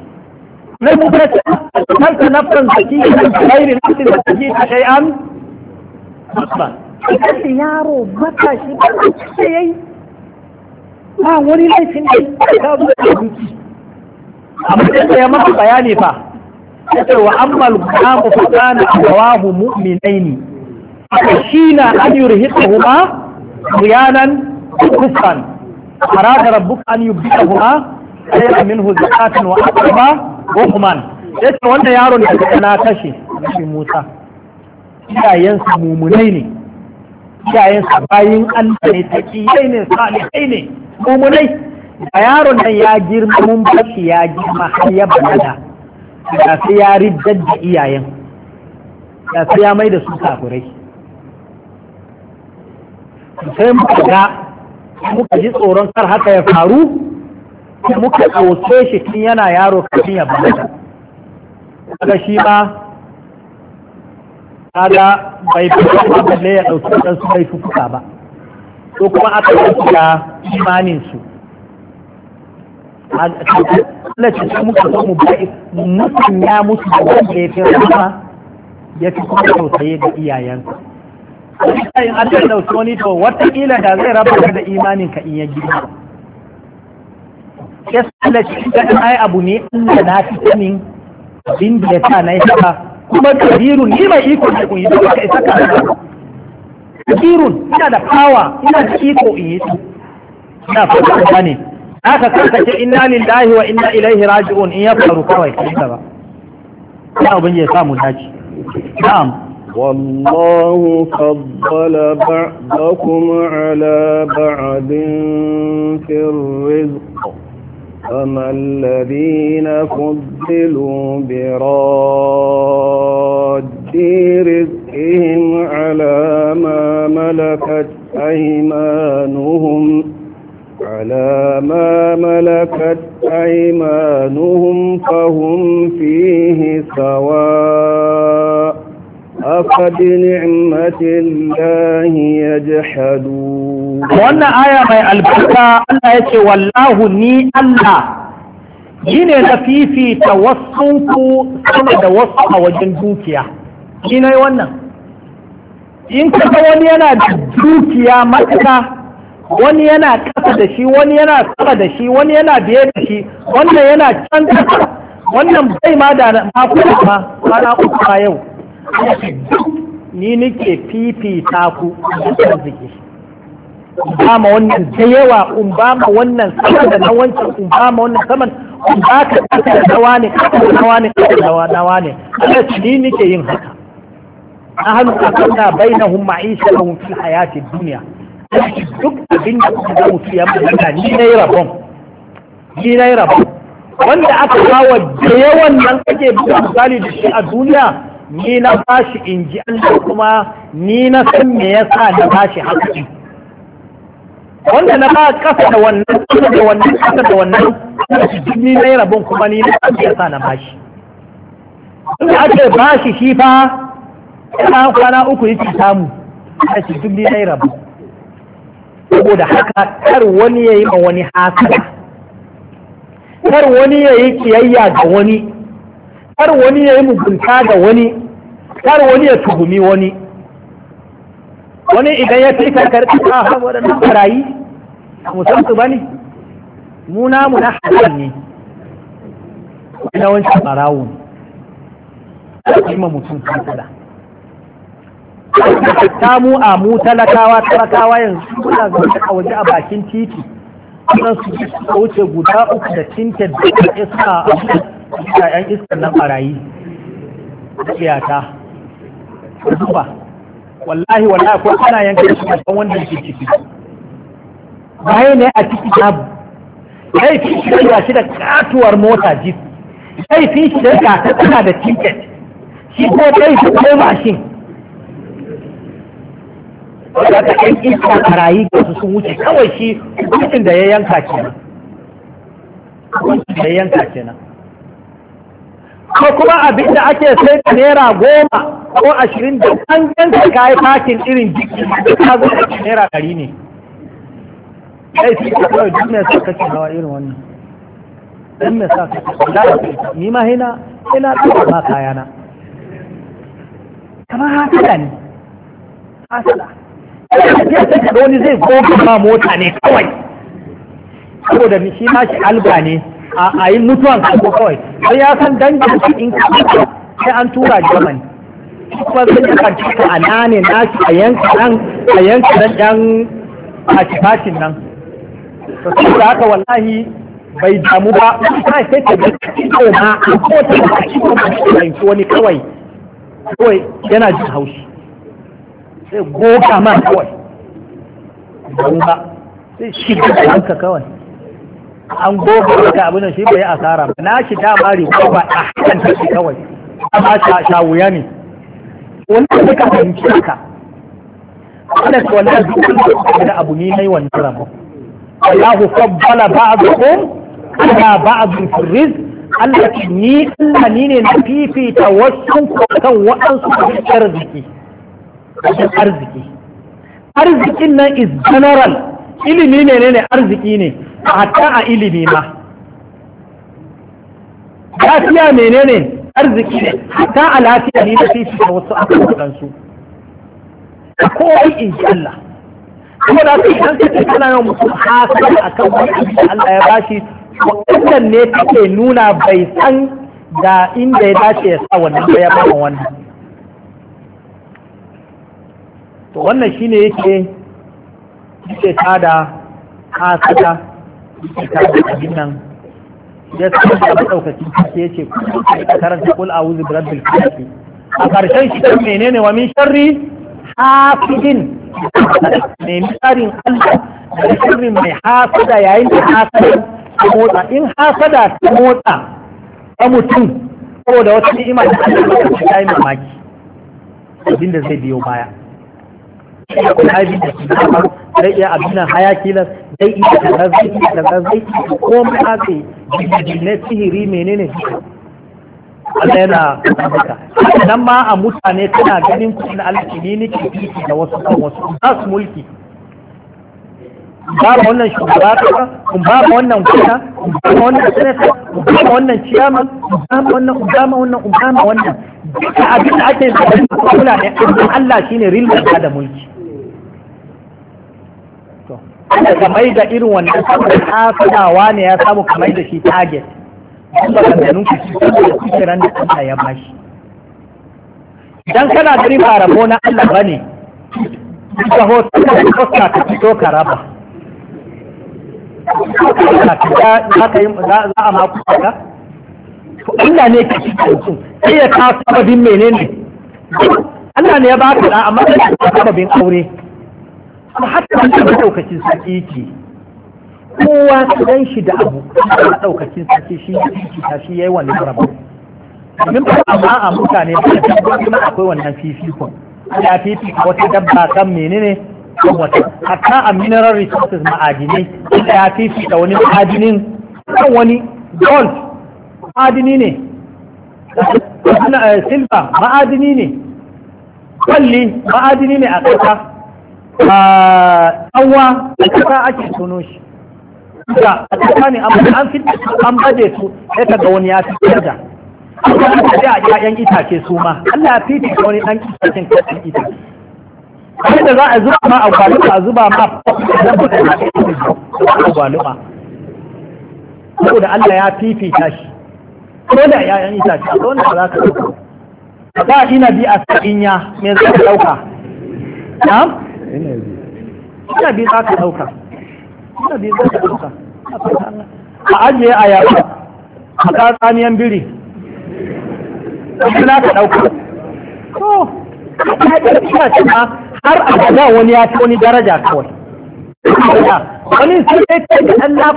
na mu ba ta nafsan nafsin shay'an yaro ba yayi ba wani laifin da ya zo da duki amma da ya masa bayani fa yace wa ammal kamu fa kana abawahu mu'minaini shi na an yurhiquhuma riyanan kufran arada rabbuka an yubdihuma khayran minhu zakatan wa aqraba ruhman yace wanda yaron da na kashe shi Musa iyayensa mumunai ne iyayensa bayin Allah ne takiyai ne salihai ne mumunai a yaron nan ya girma mun bashi ya girma har ya balaga da sai ya riddar da iyayen da sai ya mai da su kafirai sai muka ga muka ji tsoron kar haka ya faru muka ɗauke shi tun yana yaro kafin ya bata kaga shi ma kaga bai fita ba balle ya ɗauki ɗansu bai fuka ba ko kuma aka ɗauki imanin imaninsu Allah ce sai muka zo bai mutum ya mutu da wanda ya fi rama ya fi kuma tausaye ga iyayensa in an da dauki wani to wataƙila da zai raba da imaninka in ya girma ya sallah ce ga ai abu ne Allah na fi sanin abin da ya sa na yi haka kuma kabiru ni mai iko ne kun yi duk ka isa ka kabirun ina da power ina da iko in yi ina fata ne aka karkace inna lillahi wa inna ilaihi raji'un in ya faru kawai kinta ba ya abin ya samu dace na'am والله فضل بعضكم على بعض في الرزق فما الذين فضلوا براد رزقهم على ما ملكت أيمانهم على ما ملكت أيمانهم فهم فيه سواء أفبنعمة الله يجحدون وأن آية ما البركة أن يتي والله ني الله يني لفيفي توسط سمع دوسط وجندوكيا يني وانا in kaga wani yana da dukiya matuka wani yana kasa da shi wani yana sama da shi wani yana biye da shi wannan yana can kasa wannan bai ma da makuna ba kwana uku ba yau ni nike fifita ku arziki ba ma wannan da yawa in ba ma wannan sama da na wancan in ba ma wannan saman in ba ka kasa da nawa ne kasa da nawa ne kasa da nawa ne ana ni nike yin haka na hannu a bai na bainahum ma'isha lahum fil hayati duniya wallahi duk abin da kuka zama mutu ya mallaka ni na yi rabon ni na yi rabon wanda aka kawo da yawan nan ake buga misali da shi a duniya ni na bashi in ji Allah kuma ni na san me yasa na bashi haƙƙi wanda na ba kasa da wannan kasa da wannan kasa da wannan duk ni na yi rabon kuma ni na san me yasa na bashi wanda ake bashi shi fa ya kwana uku yake samu a duk ni na yi rabon saboda haka kar wani ya yi ma wani hasada kar wani ya yi kiyayya ga wani kar wani ya yi mugunta ga wani kar wani ya tuhumi wani wani idan ya fi karkar a waɗannan karayi musan su bane mu namu na halal ne na wancan barawo ne cikin mutum kan ta mu a mu talakawa talakawa yanzu suna zaune a waje a bakin titi sunan su wuce guda uku da tinted da iska a iska yan iskar nan barayi tsiyata zuba wallahi wallahi ko ana yanka shi kan wanda ke ciki bayan ne a ciki babu fi shi da shi da katuwar mota jeep fi shi da ta tana da tinted shi ko laifin kai mashin wanda ka ɗan iska rayu ga su sun wuce kawai shi hukuncin da ya yanka ke nan da ya yanka ko kuma abin da ake sai da naira goma ko ashirin da an ka kayi fakin irin jiki da ta zo da naira ɗari ne kai shi ka kawai duk mai sa kake nawa irin wannan dan mai sa kake da ni ma hina ina ɗaukar ma kayana kamar hasala ne hasala ya wani zai goga ma mota ne kawai saboda shi ma shi alba ne a yi mutuwan kanko kawai sai ya san dangin shi in ka sai an tura germany kuma sun yi karfi ko a nane na shi a yanka nan a yanka nan yan fashin nan to sai da haka wallahi bai damu ba ta sai ta gaske ko ma a kowace da ake kuma wani kawai kawai yana jin haushi sai goga ma kawai don ba sai shi da hanka kawai an goga maka abin shi bai asara ba na shi ta dama riga ba a hakan shi kawai amma sha wuya ne wanda suka fahimci ka wanda su wanda su da abu ni mai wannan rabu Allahu fabbala ba'dukum ala ba'd fi rizq Allah ni Allah ni ne na fifita wasu kan waɗansu da arziki kashin arziki arzikin nan is general ilimi ne ne arziki ne hatta a ilimi ma lafiya menene arziki ne hatta a lafiya ne da fi su wasu abubuwan su kowai in ji Allah kuma da su kan kace kana yawan mutum a akan wani da Allah ya bashi wannan ne take nuna bai san da inda ya dace ya sa wannan ba ya ba wannan to wannan shine yake yake tada hasada yake tada abin nan ya san da madaukakin kake yace karanta kul a'udhu bi rabbil falaq a karshen shi menene wa min sharri hafidin ne misarin Allah da sharrin mai hasada yayin da hasada ta motsa in hasada ta motsa ta mutum saboda wata ni'ima da Allah ya kai mamaki abinda zai biyo baya iya kulabi da su dama zai iya abin nan hayaki nan zai iya kaza zai iya kaza zai iya komai haka ne sihiri menene Allah yana haka nan ma a mutane tana ganin kuɗi na alkini ne ke fiti da wasu kan wasu ba su mulki ba wannan shugaba ta kun wannan gwamna kun ba wannan sanata kun ba wannan ciyaman kun ba wannan kun ba wannan kun ba wannan duka abin da ake yi da kula ne Allah shine rilmin da mulki da ka da irin wannan saboda kafinawa ne ya samu kamai da shi target don ba ka ganin ku shi saboda ran da Allah ya bashi idan kana gari ba rabo na Allah ba ne ka hosta ka fito ka raba za a maku kaga to Allah ne ka fi kancin sai ya kawo sababin menene Allah ne ya ba ka da amma sai ka sababin aure amma hatta wanda ba ɗaukacin sarki yake kowa su dan shi da abu a ɗaukacin sarki shi yake ta shi ya yi wani rabu domin ba amma a mutane ba da kuma akwai wannan fifikon ya fifi wata dabba kan menene kan wata hatta a mineral resources ma'adinai inda ya fifi da wani ma'adinin kan wani gold ma'adini ne silver ma'adini ne kwalli ma'adini ne a ƙasa tsawa a cika ake suno shi da a cika ne an fi an baje su sai ka ga wani ya fi da an ga aka a ƴaƴan itace su ma Allah ya ta wani ɗan itacen kasan itace kamar da za a zuba ma a gwaluba a zuba ma zan ba a gwaluba da Allah ya fifita shi ko da ƴaƴan itace a da za ka ɗauka ba bi a sa'inya me za ka ɗauka na'am ina ji ina a ajiye a yaba a biri ina ka dauka to ina har abada wani ya ci wani daraja kawai wani sai dai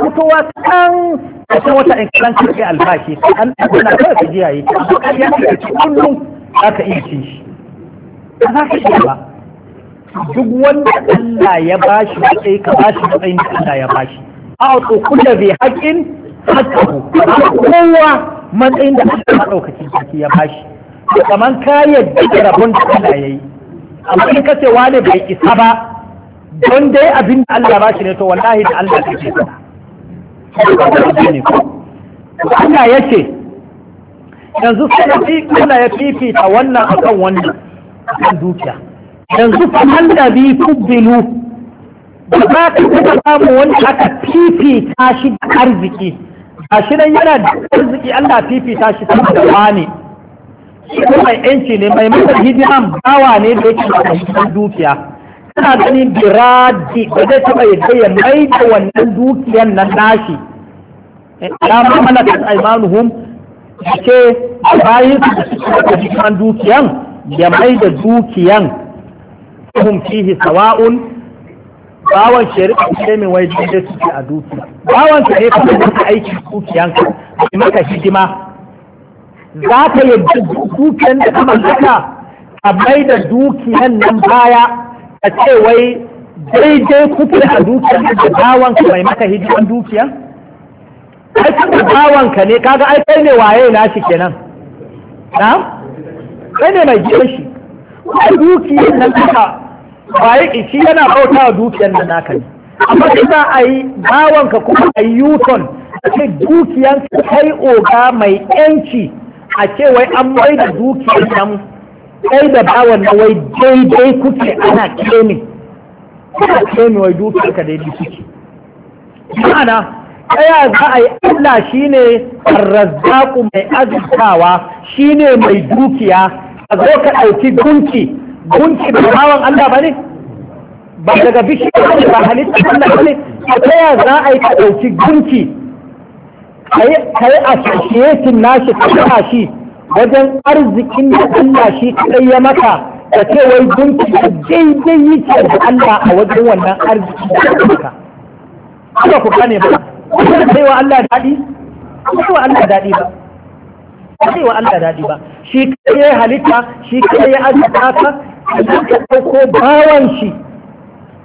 ta wata in kan karfi albashi an na kawai ka jiyaye duk an yanka kullum za ka iya ci shi ba za ka iya ba duk wanda Allah ya bashi matsayi ka bashi matsayin da Allah ya bashi a wato kulla bai haƙin haƙƙahu kowa matsayin da Allah maɗaukacin sarki ya bashi kamar ka yadda da rabon da Allah ya yi amma in ka ce wani bai isa ba don dai abin da Allah bashi ne to wallahi da Allah kake sana Allah ya ce yanzu sai Allah ya fifita wannan akan wannan akan dukiya yanzu kamar da bi kubbilu ba za ka taɓa samu wani aka fifita shi da arziki a shirin yana da arziki Allah fifita shi sama da wani shi ko mai yanci ne mai masa hidiman bawa ne da yake da dukiya kana ganin biradi da zai taɓa ya ya mai da wannan dukiyan nan nashi alama malakat aimanuhum ya ce bayan su da suke da hidiman dukiyan ya mai da dukiyan hum fihi sawa'un bawan shari'a ne mai wai da suke a duki bawan ka ne kuma da aiki dukiyanka da maka hidima za ka yadda dukiyan da ka mallaka a mai da dukiyan nan baya ka ce wai daidai kuke a dukiyan da bawan ka mai maka hidiman dukiyan ai kuma bawan ka ne kaga ai kai ne waye na shi kenan na kai ne mai gidan shi kuma dukiyan nan kaka kwaye shi yana bauta wa dukiyar da naka ne amma shi za a yi bawanka kuma a yi yuton a ce dukiyar kai oga mai yanci a ce wai an mai da dukiyar nan kai da bawan na wai daidai kuke ana kemi ana kemi wai dukiyar ka daidai kuke ma'ana ɗaya za a yi Allah shi ne mai azurtawa shi ne mai dukiya a zo ka ɗauki gunki gunki da bawan Allah ba ne ba daga bishi ba halitta Allah ba ne a tsaya za a yi ka ɗauki gunki ka yi associating nashi ka kaɗa shi wajen arzikin da Allah shi kaɗai ya maka da ce wai gunki da daidai yi ce da Allah a wajen wannan arzikin da ya maka. Allah ku gane ba, kuma da wa Allah daɗi? Kuma wa Allah daɗi ba. ba zai wa Allah daɗi ba shi kai ya halitta shi kai ya azurta ka a ka ɗauko bawan shi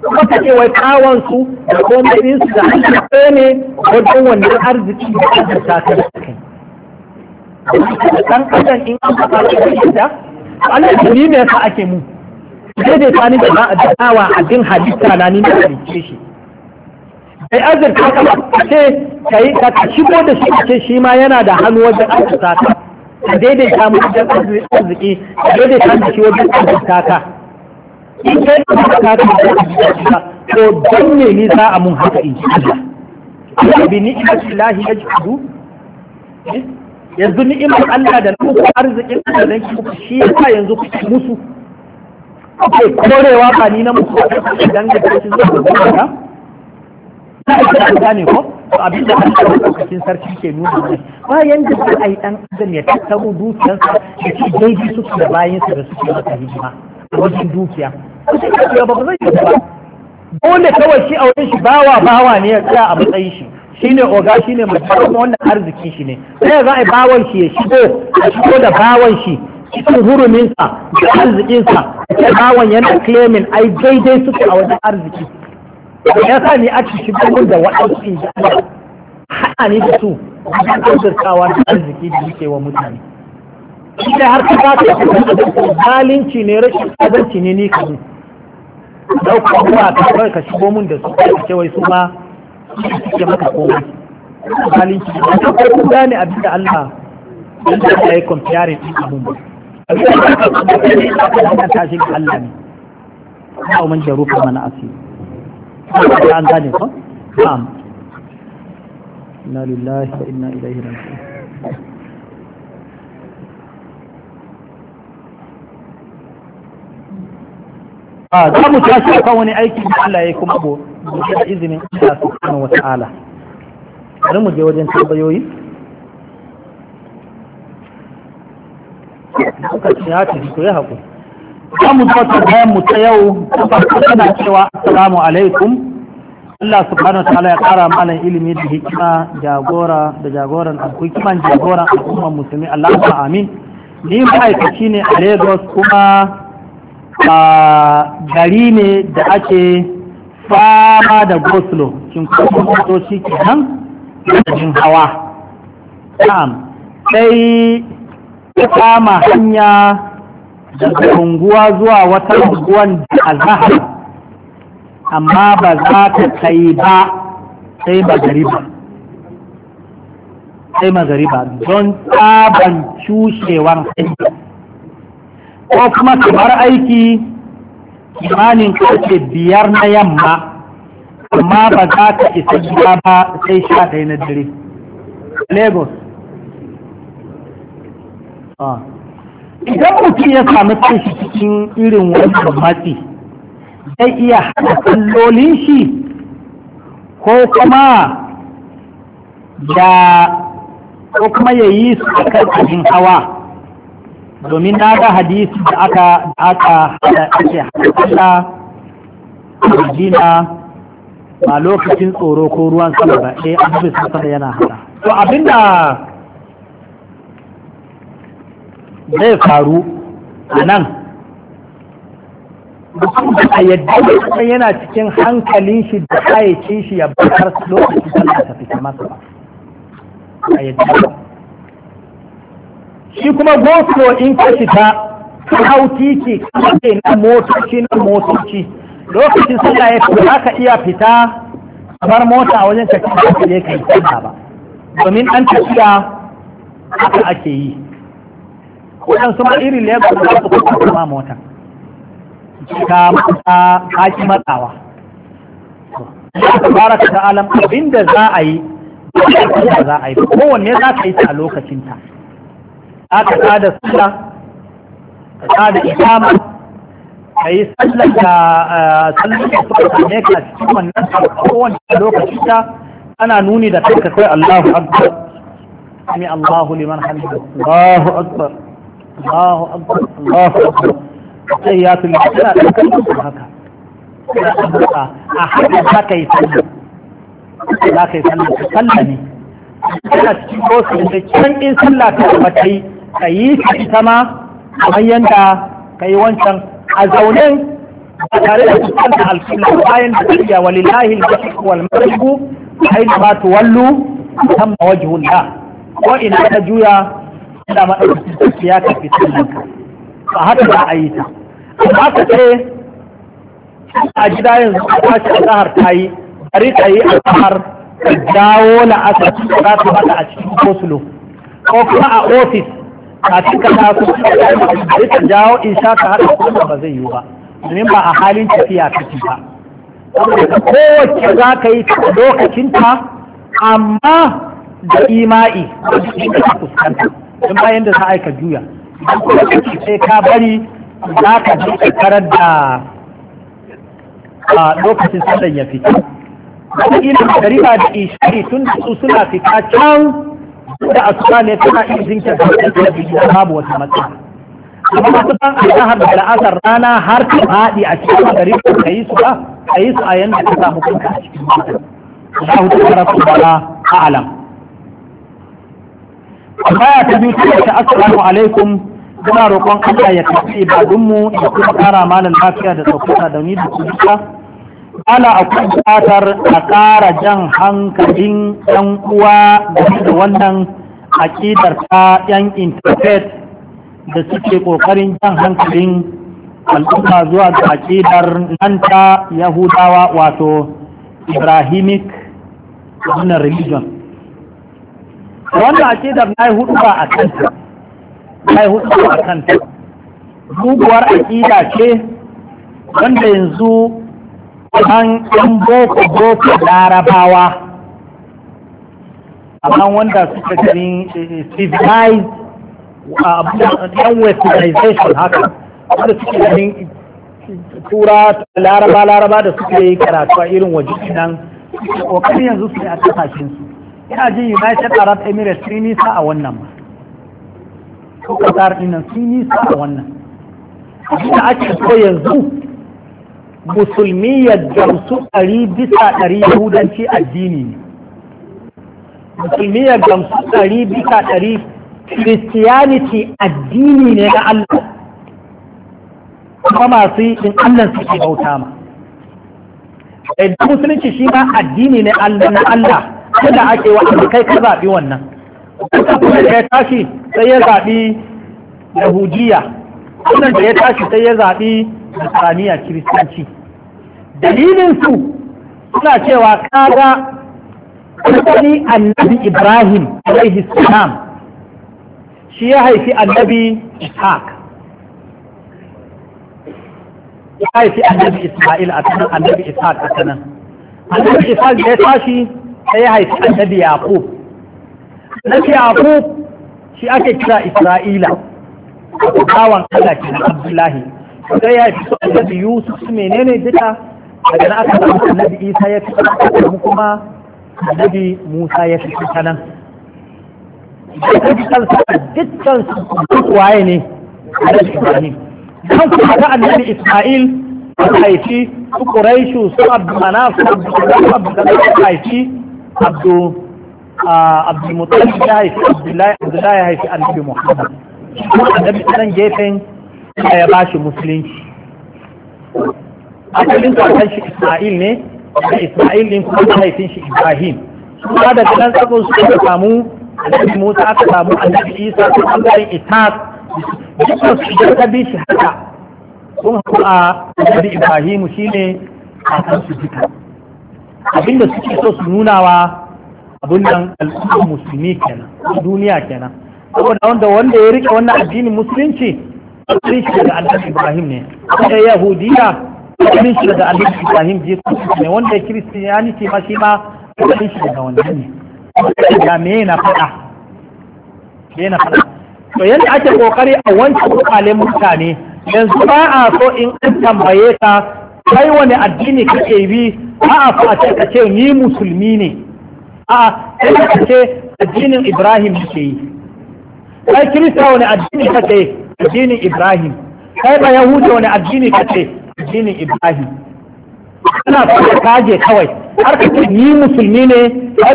kuma ce wai bawan su da komai su da hanyar ɗaya ne wajen wannan arziki da aka ta ta kai dan adam in an faɗa da da Allah ya ni me yasa ake mu sai dai tani da ba da dawa a din halitta na ni da halice shi kai azurta ka ce kai ka shigo da shi ce shi ma yana da hannu wajen aka ta a daidaita mutum arziki a daidaita mutum shi wajen arzuta ka in kai ka ka ka ka ko don ne ni za a mun haka in ji Allah bi ni'imati lahi yajhudu eh? yanzu ni'imar Allah da muku arzikin Allah da kuka shi yasa yanzu kuka musu kuke korewa ba ni na muku dan da kuke zuwa ga a ga ne ko abin da kan tsaro lokacin sarki ke nuna ne bayan da a ai dan adam ya tattaro dukiyarsa da ke daidai suke da bayansa da suke masa hijima a wajen dukiya kusa ba ba zai yi ba dole kawai shi a shi bawa bawa ne ya tsaya a matsayin shi Shi ne oga shi ne mai kuma wannan arziki shi ne sai za a yi bawan shi ya shigo a shigo da bawan shi cikin huruminsa da arzikinsa da bawan yana claiming ai daidai suke a wajen arziki ya sa ni a cikin shigo da waɗansu in haɗa ne da su wajen azurtawa da arziki da yake wa mutane ita har ta ba ta zalunci ne rashin adalci ne ni kamu dauka ruwa ka kawai ka shigo mun da su ka ce wai su ma suke maka komai zalunci ne ta farko gane abin da Allah yadda ta yi kwamfiyari ɗin abin ba abin da ya yi da ta shi ga Allah ne Allah man rufe mana asiri an gane ko na'am inna lillahi wa inna ilaihi raji'un a ah, za mu tashi kan wani aiki da Allah ya kuma bo da izinin Allah subhanahu wata'ala bari mu je wajen tambayoyi kuka ci ya tafi ko ya haƙuri za mu zo tambayan mu ta yau tana cewa assalamu alaikum Allah subhanahu ta'ala ya kara mana ilimi da hikima jagora da jagoran hikiman jagoran al'ummar musulmi Allah ta amin ni ma'aikaci ne a Lagos kuma a gari ne da ake fama da goslo cinkoson motoci kenan da jin hawa na'am sai ta kama hanya daga unguwa zuwa wata unguwan da zahar amma ba za ta kai ba sai magariba sai magariba don tsaban cushewar hanyar ko kuma kamar aiki kimanin kake biyar na yamma amma ba za ka isa gida ba sai sha ɗaya na dare lagos ah. idan mutum ya sami kanshi cikin irin wannan matsi zai iya hana kallolin shi ko kuma da ko kuma ya yi su a kan hawa domin na ga hadisi da aka da aka hada ake hada ba lokacin tsoro ko ruwan sama ba eh an sama yana hada to abinda zai faru a nan a yadda kuma yana cikin hankalin shi da kayyakin shi ya bakar lokacin da ta fita masa ba a yadda shi kuma gosuwa in ka fita hauti ke kama na motoci na motoci lokacin suna ya fi za ka iya fita kamar mota a wajen tafiya ka je ka yi ba domin an tafiya haka ake yi waɗansu ma irin lagos za su kuma kuma mota ta kaki matsawa ya ta fara ta alam abinda za a yi za a yi kowanne za ka yi ta a lokacinta za ka ta da suna, ka ta da ikama ka yi sallar da eh, sallar da suka same ka a cikin wannan kowanne lokacinta ana nuni da kanka kai Allahu Akbar sami Allahu liman hamidu Allahu Akbar Allahu akbar Allahu akbar sai ya tuni kana da kallon haka a haka za ka yi sallah za ka yi sallah ka sallah ne kana cikin kosu da can in sallah ka ba ta yi ka yi ta ita ma kamar yadda ka yi wancan a zaune ba tare da kusanta alƙilla bayan da tafiya walillahi al-mashriq wal maghrib haythu ma tuwallu tamma wajhullah ko ina ta juya Allah maɗaukakin ta ya tafi sallanka ba haka za a yi ta amma ka ce a gida yanzu a tashi a ta yi bari ta yi a tsahar ka dawo na asibiti za ta bada a cikin kosulo ko kuma a ofis kafin ka taso bari ka dawo in sha ka haɗa kuma ba zai yi ba domin ba a halin tafiya kake ba kowace za ka yi lokacinta amma da ima'i da fuskanta don bayan da za a yi ka juya idan kuma sai ka bari za ka ji karar da a lokacin sallan ya fita wata ina da ishari tun da su suna fita can da asuba ne tana iya zinke da wata da babu wata matsala amma masu ban al'ahar da la'asar rana har ta haɗi a cikin magariba ka su ba ka yi su a yanda ka samu kanka a cikin mutum za ku tsara bala a alam baya ta biyu ta ta assalamu alaikum muna roƙon Allah ya tafi ibadunmu da kuma ƙara malam lafiya da tsofaffi da ni da kuka ala akwai buƙatar a ƙara jan hankalin ɗan uwa game da wannan aƙidar ta yan interfaith da suke ƙoƙarin jan hankalin al'umma zuwa ga aƙidar nan ta yahudawa wato ibrahimic wannan religion wanda a ce da na yi hudu ba a kanta na yi hudu ba a kanta duguwar aƙida ce wanda yanzu an yan boko boko larabawa amma wanda suka gani eh, civilized yan westernization haka wanda suke ganin tura laraba laraba da suke yi karatu a irin waje nan ƙoƙari yanzu su ne a kasashen su ina jin united arab emirates sun nisa a wannan ma ko qatar din sun nisa a wannan abinda ake so yanzu musulmi ya gamsu ɗari bisa ɗari yahudanci addini ne musulmi ya gamsu ɗari bisa ɗari christianity addini ne na allah kuma masu yi in allah suke bauta ma musulunci shi ma addini ne na allah yadda ake wa amma kai ka zaɓi wannan wannan da ya tashi sai ya zaɓi yahudiya wannan da ya tashi sai ya zaɓi nasraniya kiristanci dalilin su suna cewa kaga wani annabi ibrahim alaihi salam shi ya haifi annabi ishaq ya haifi annabi isma'il a kanan annabi ishaq a kanan annabi ishaq ya tashi sai ya haifi annabi yaqub annabi yaqub shi ake kira isra'ila a bawan Allah kenan abdullahi sai ya haifi annabi yusuf su menene duka daga nan aka samu annabi isa ya fi samu kuma annabi musa ya fi ta nan dukkan su waye ne annabi ibrahim don kuma ga annabi isma'il haifi su Quraishu su Abdulmanaf su Abdulmanaf su haifi abdu abdul ya haifi abdullahi abdullahi ya haifi annabi muhammad annabi nan gefen ya bashi musulunci asalin kakan shi isma'il ne da isma'il din kuma mahaifin shi ibrahim kuma da nan tsakon su aka samu annabi musa aka samu annabi isa ta bangaren itaq dukkan su da ta bi shi haka kuma haɗu a annabi ibrahim shi shine kakan su jika. abinda suke so su nuna wa abin nan al'ummar musulmi kenan duniya kenan saboda wanda wanda ya rike wannan addinin musulunci asalin shi daga al'adun Ibrahim ne wanda yahudiya asalin shi daga Allah Ibrahim su ne wanda kiristiyaniti ma shi ma asalin shi daga wannan ne ga me na fada me na fada to yanda ake kokari a wancan mutane yanzu ba a so in an tambaye ka kai wani addini kake bi a'a fa a ce ka ce ni musulmi ne a'a sai ka ce addinin Ibrahim ke yi kai kirista wani addini kake addinin Ibrahim kai ba yahuda wani addini kake addinin Ibrahim ana so kaje kawai har ka ce ni musulmi ne a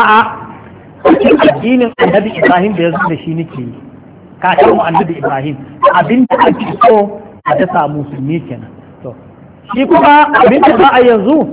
a'a addinin annabi Ibrahim da zo da shi nake yi ka ce mu annabi Ibrahim abin da ake so a dasa musulmi kenan shi kuma abin da za a yanzu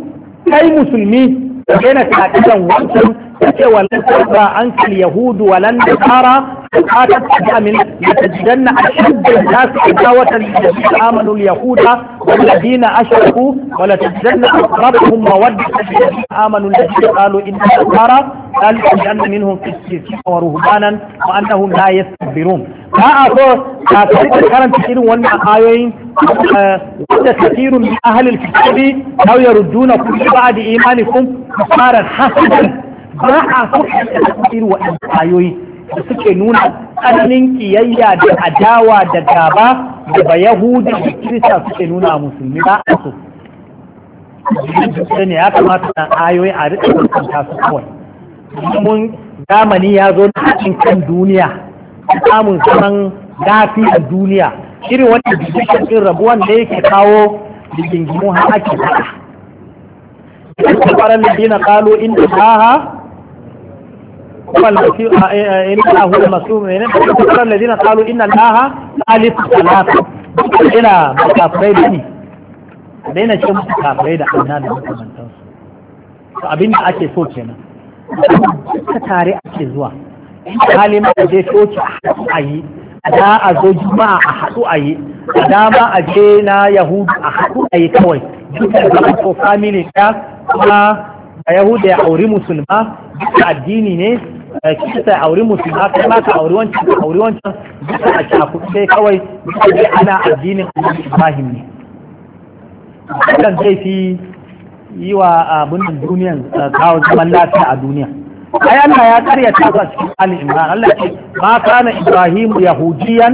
kai musulmi da daina kaɗan wancan da ce wallan sarfa an kal yahudu walan nasara ta ta ta amin da tajidanna ashadda nas adawatan lil amanu al yahuda الذين اشركوا ولا تزن اقربهم موده الذين امنوا الذين قالوا ان النصارى ذلك بان منهم قسيس ورهبانا وانهم لا يستكبرون كان كثير من الايين وجد كثير من اهل الكتاب لو يردون بعد ايمانكم كفارا حسنا ما اعطوا كثير من da suke nuna tsananin kiyayya da adawa da gaba da ba yahudi da kirista suke nuna a musulmi ba a so ne ya kamata na ayoyi a rika kan tasu kawai mun zamani ya zo na cikin kan duniya samun zaman lafiyar duniya irin wanda jikin ɗin rabuwan da yake kawo rigingimu har ake faɗa. Ikan ƙwararren da dina ƙalo inda ba هو الله الذين قالوا إن الله ثالث ثلاثة إلى مكافرين da abin da ake so kenan duka tare ake zuwa hali ma a je coci a haɗu a yi a da a zo juma'a a haɗu a yi a dama a je na yahudu a haɗu a yi kawai duka da ko family ɗaya kuma a yahudu ya auri musulma duka addini ne Eh, ki ta auri musulma kai ma ka wancan ka wancan duka a cakuɗi sai kawai duka dai ana addinin Ibrahim ne hakan zai fi yi wa ah, abin duniyan ah, kawo zaman lafiya a duniya ai Allah ya karya ta cikin Ali Imran Allah ce ma kana Ibrahim yahudiyan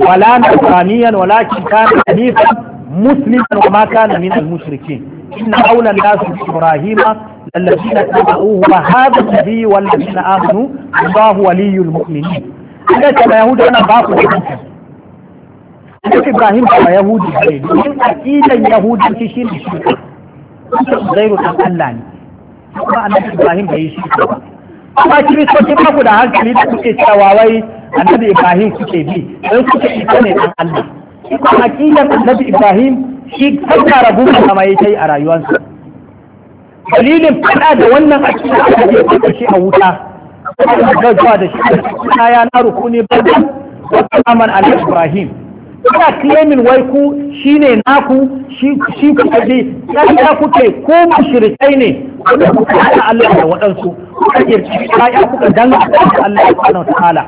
wala nasraniyan walakin kana hanifan musliman wa ma kana min al-mushrikin inna Ibrahima الذين اتبعوه وهذا النبي والذين آمنوا الله ولي المؤمنين أنا كما يهود أنا باقي الحكم أنا إبراهيم كما يهود من أكيد يهود في شيء الشرك غير تقلاني kuma annabi Ibrahim bai yi shi ba amma kiristoci ba ku da hankali da kuke cewa wai Ibrahim kuke bi don kuke ita ne dan Allah kuma aqidan annabi Ibrahim shi tattara gumin da mai tai a rayuwarsa dalilin fada da wannan akida aka je fada shi a wuta ga zuwa da shi na ya na rukuni badan wa salaman ala ibrahim kana claiming wai ku shine naku shi shi ku aje sai ya kuke ko mushrikai ne wanda ku kada Allah da wadansu kuka kirki ya kuka danganta Allah subhanahu wa ta'ala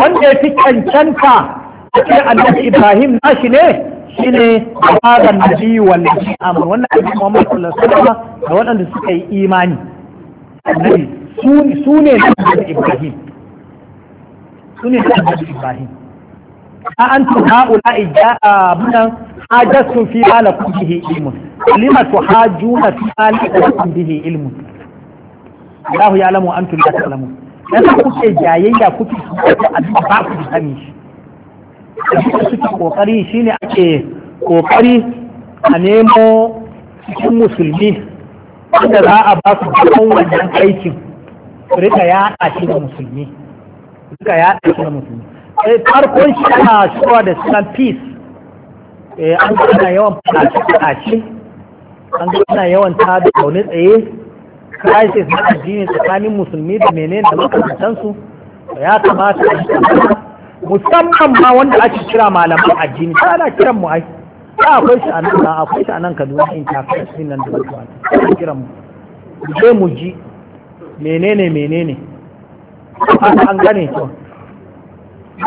wanda ya fi cancanta a cikin annabi ibrahim nashi ne shine hadan nabi wallahi amr wannan abin Muhammad sallallahu alaihi da waɗanda suka yi imani annabi su ne da Ibrahim su ne da Ibrahim a antum haula ijaa bunan hajatu fi malakum bihi ilmun lima na fi malakum bihe ilmun Allah ya alamu tun la ta'lamun yana kuke jayayya kuke su abin ba ku sani shi da suke kokari shine ake kokari a nemo cikin musulmi wanda za a ba su cikin wannan aikin rika yaɗa shi da musulmi rika yaɗa shi da musulmi sai eh, farkon shi ana cewa da sunan peace eh an ana yawan fadace fadace an ana yawan ta da kaune tsaye crisis na addini tsakanin musulmi da menene da makamantansu ya kamata a yi musamman ma wanda ake kira malaman addini ta ana kiran mu ai ta akwai shi anan ta akwai shi anan Kaduna in ta kai shi nan da wata ta kiran mu je mu ji menene menene an gane to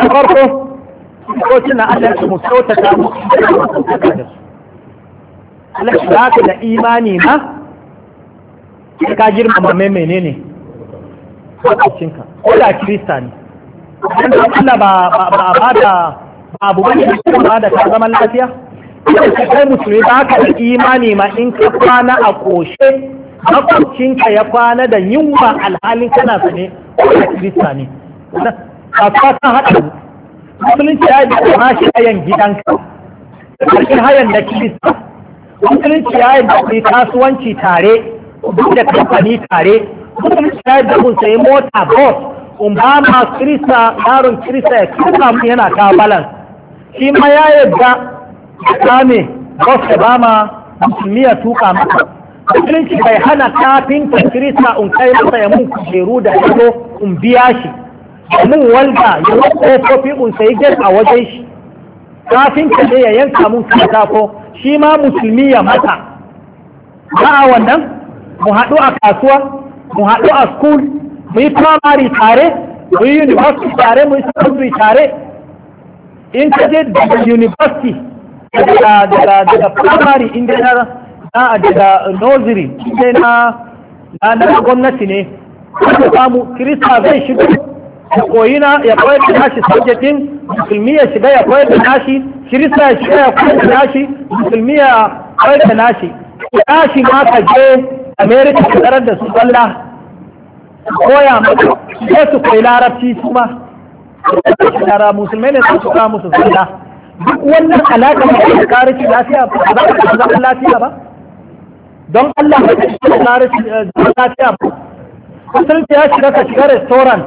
farko ko tuna Allah ya mu kyautata mu da su Allah ya ka da imani ma ka girmama menene ka ko da kirista ne dan don Allah ba ba ba da abu bane da ba da ka zaman lafiya kai musulmi ba ka da imani ma in ka kwana a koshe makwabcinka ya kwana da yunwa alhalin kana sane ko da kirista ne Ba kasan haɗa mu musulunci ya yi da mashi hayan gidanka ƙarshen hayan na kirista musulunci ya yi da kuɗi kasuwanci tare duk da kamfani tare musulunci ya yi da kun sayi mota bus umama kirista yaron kirista ya kirka yana kawo balance shi ma ya yadda ya kame boss bama musulmi ya tuka maka musulunci bai hana kafin kirista in kai masa ya mun kujeru da yado in biya shi mun walda ya yi kofofi in sayi gas a wajen shi kafin ka ya yanka mun katako shi ma musulmi ya mata ba a wannan mu haɗu a kasuwa mu haɗu a school mu yi primary tare mu yi university tare mu yi secondary tare in ka je daga university daga daga daga primary in dai na daga nursery sai na na gwamnati ne ka samu kirista zai shigo ya koyi na ya koyar da nashi subjectin musulmi ya shiga ya koyar da nashi kirista ya shiga ya koyar da nashi musulmi ya koyar da nashi nashi ma ka je america ka tarar da su tsalla koya maka sai su koyi larabci su ma yara musulmai ne su koya musu sallah duk wannan alaƙa da ta kare lafiya ba za ka zama lafiya ba don Allah ba kare lafiya ba ya shiga ka shiga restaurant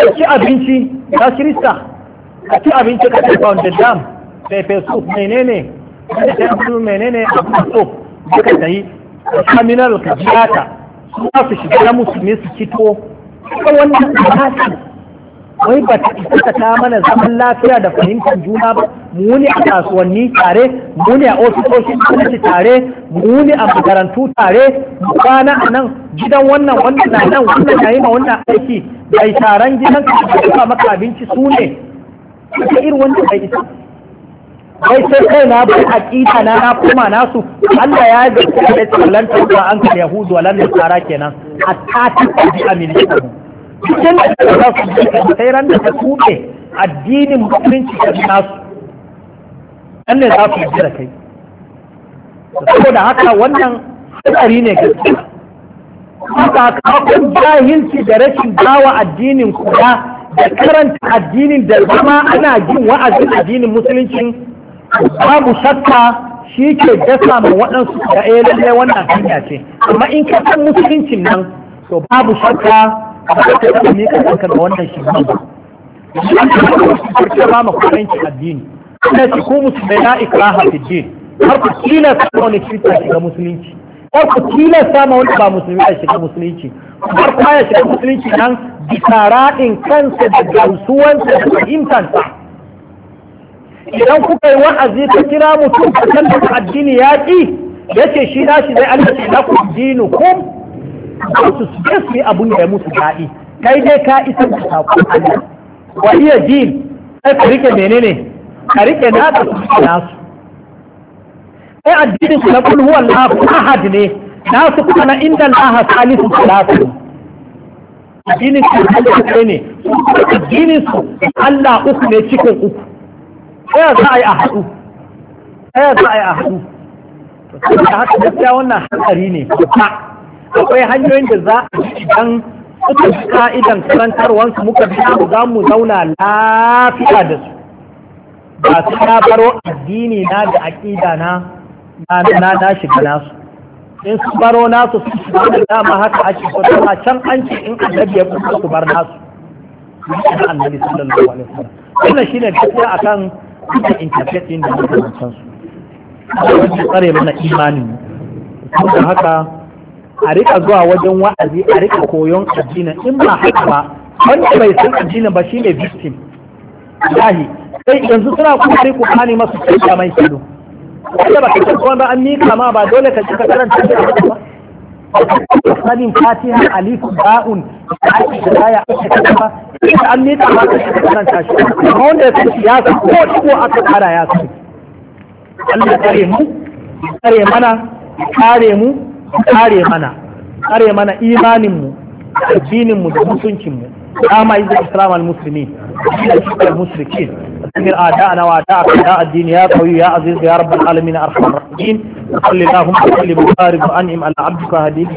a ci abinci na shirista ka ci abinci ka ci pounded dam pepe soup menene menene ne ne ne ne ne ta yi ne ne ne za su shiga na musulmi su fito ta wannan tsakashi wai ba ta isa ta mana zaman lafiya da fahimtar juna ba mu ne a kasuwanni tare mu ne a ofisoshin gwamnati tare mu ne a makarantu tare mu kwana a nan gidan wannan wannan na nan wannan na yi ma wannan aiki bai taron gidan ka maka abinci su ne ta irin wanda bai isa wai sai kai na bai hakika na na kuma nasu Allah ya ga da tsallan tauba an ka yahudu walan tsara kenan a ta bi amin cikin da za su ji sai ran da ta tuɗe addinin musulunci da nasu Dan ne za su ji da kai saboda haka wannan hatsari ne gaskiya sakamakon jahilci da rashin gawa addinin kula da karanta addinin da zama ana jin wa'azin addinin musulunci babu shakka shi ke dasa ma waɗansu da ɗaya eh, lallai wannan hanya ce amma in ka san musuluncin nan to babu shakka ba ka taɓa miƙa kanka da wannan shi ba ka ba ma kwanci addini ana ci ku musulmai na ikraha fi din har ku tilasta ma wani kirista shiga musulunci har ku tilasta ma wani ba musulmi a shiga musulunci har kuma ya shiga musulunci nan bisa raɗin kansa da gamsuwansa da fahimtansa idan kuka yi wa'azi ka kira mutum ka san da addini ya ƙi yace shi na shi zai Allah na ku dinu kum su suke su yi abun da ya musu daɗi kai dai ka isa da saƙon Allah wa iya din kai ka rike menene ka rike ka su rike nasu kai addinin su na kul huwa Allahu ahad ne su kuma na inda laha salisu salatu addinin su Allah ne addinin su Allah uku ne cikin uku ɗaya za a yi a haɗu ɗaya za a yi a haɗu da haka gaskiya wannan hankali ne ba akwai hanyoyin da za a idan suka fi ka'idan karantarwansu muka fi mu za mu zauna lafiya da su ba su na baro addini na da aƙida na na na shiga nasu in su baro nasu su shiga da dama haka ake kuma can an ce in annabi ya kuma su bar nasu annabi sallallahu alaihi wasallam wannan shine gaskiya akan duka da na da makamantan su wanda tsare mana imanin da haka a rika zuwa wajen wa'azi a rika koyon addinin in ba haka ba wanda bai san addinin ba ne victim lahi sai yanzu suna kuma ku kani masu tsaya mai shido wanda ba ka san ba an mika ma ba dole ka ka karanta ba sanin fatiha alif ba'un aiki da baya an miƙa ma kashi da karanta shi amma wanda ya san siyasa, ko ko aka tsara ya san Allah kare mu kare mana kare mu kare mana kare mana imanin mu addinin mu da mutuncin mu kama da, islam al-muslimin al-mushrikin أمر آداءنا وآداءك أداء الدين يا قوي يا عزيز يا رب العالمين أرحم الراحمين وصل اللهم وسلم وبارك وأنعم على عبدك هديك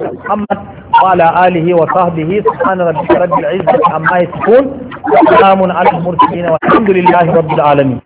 وعلى آله وصحبه سبحان ربك رب العزة عما يصفون وسلام على المرسلين والحمد لله رب العالمين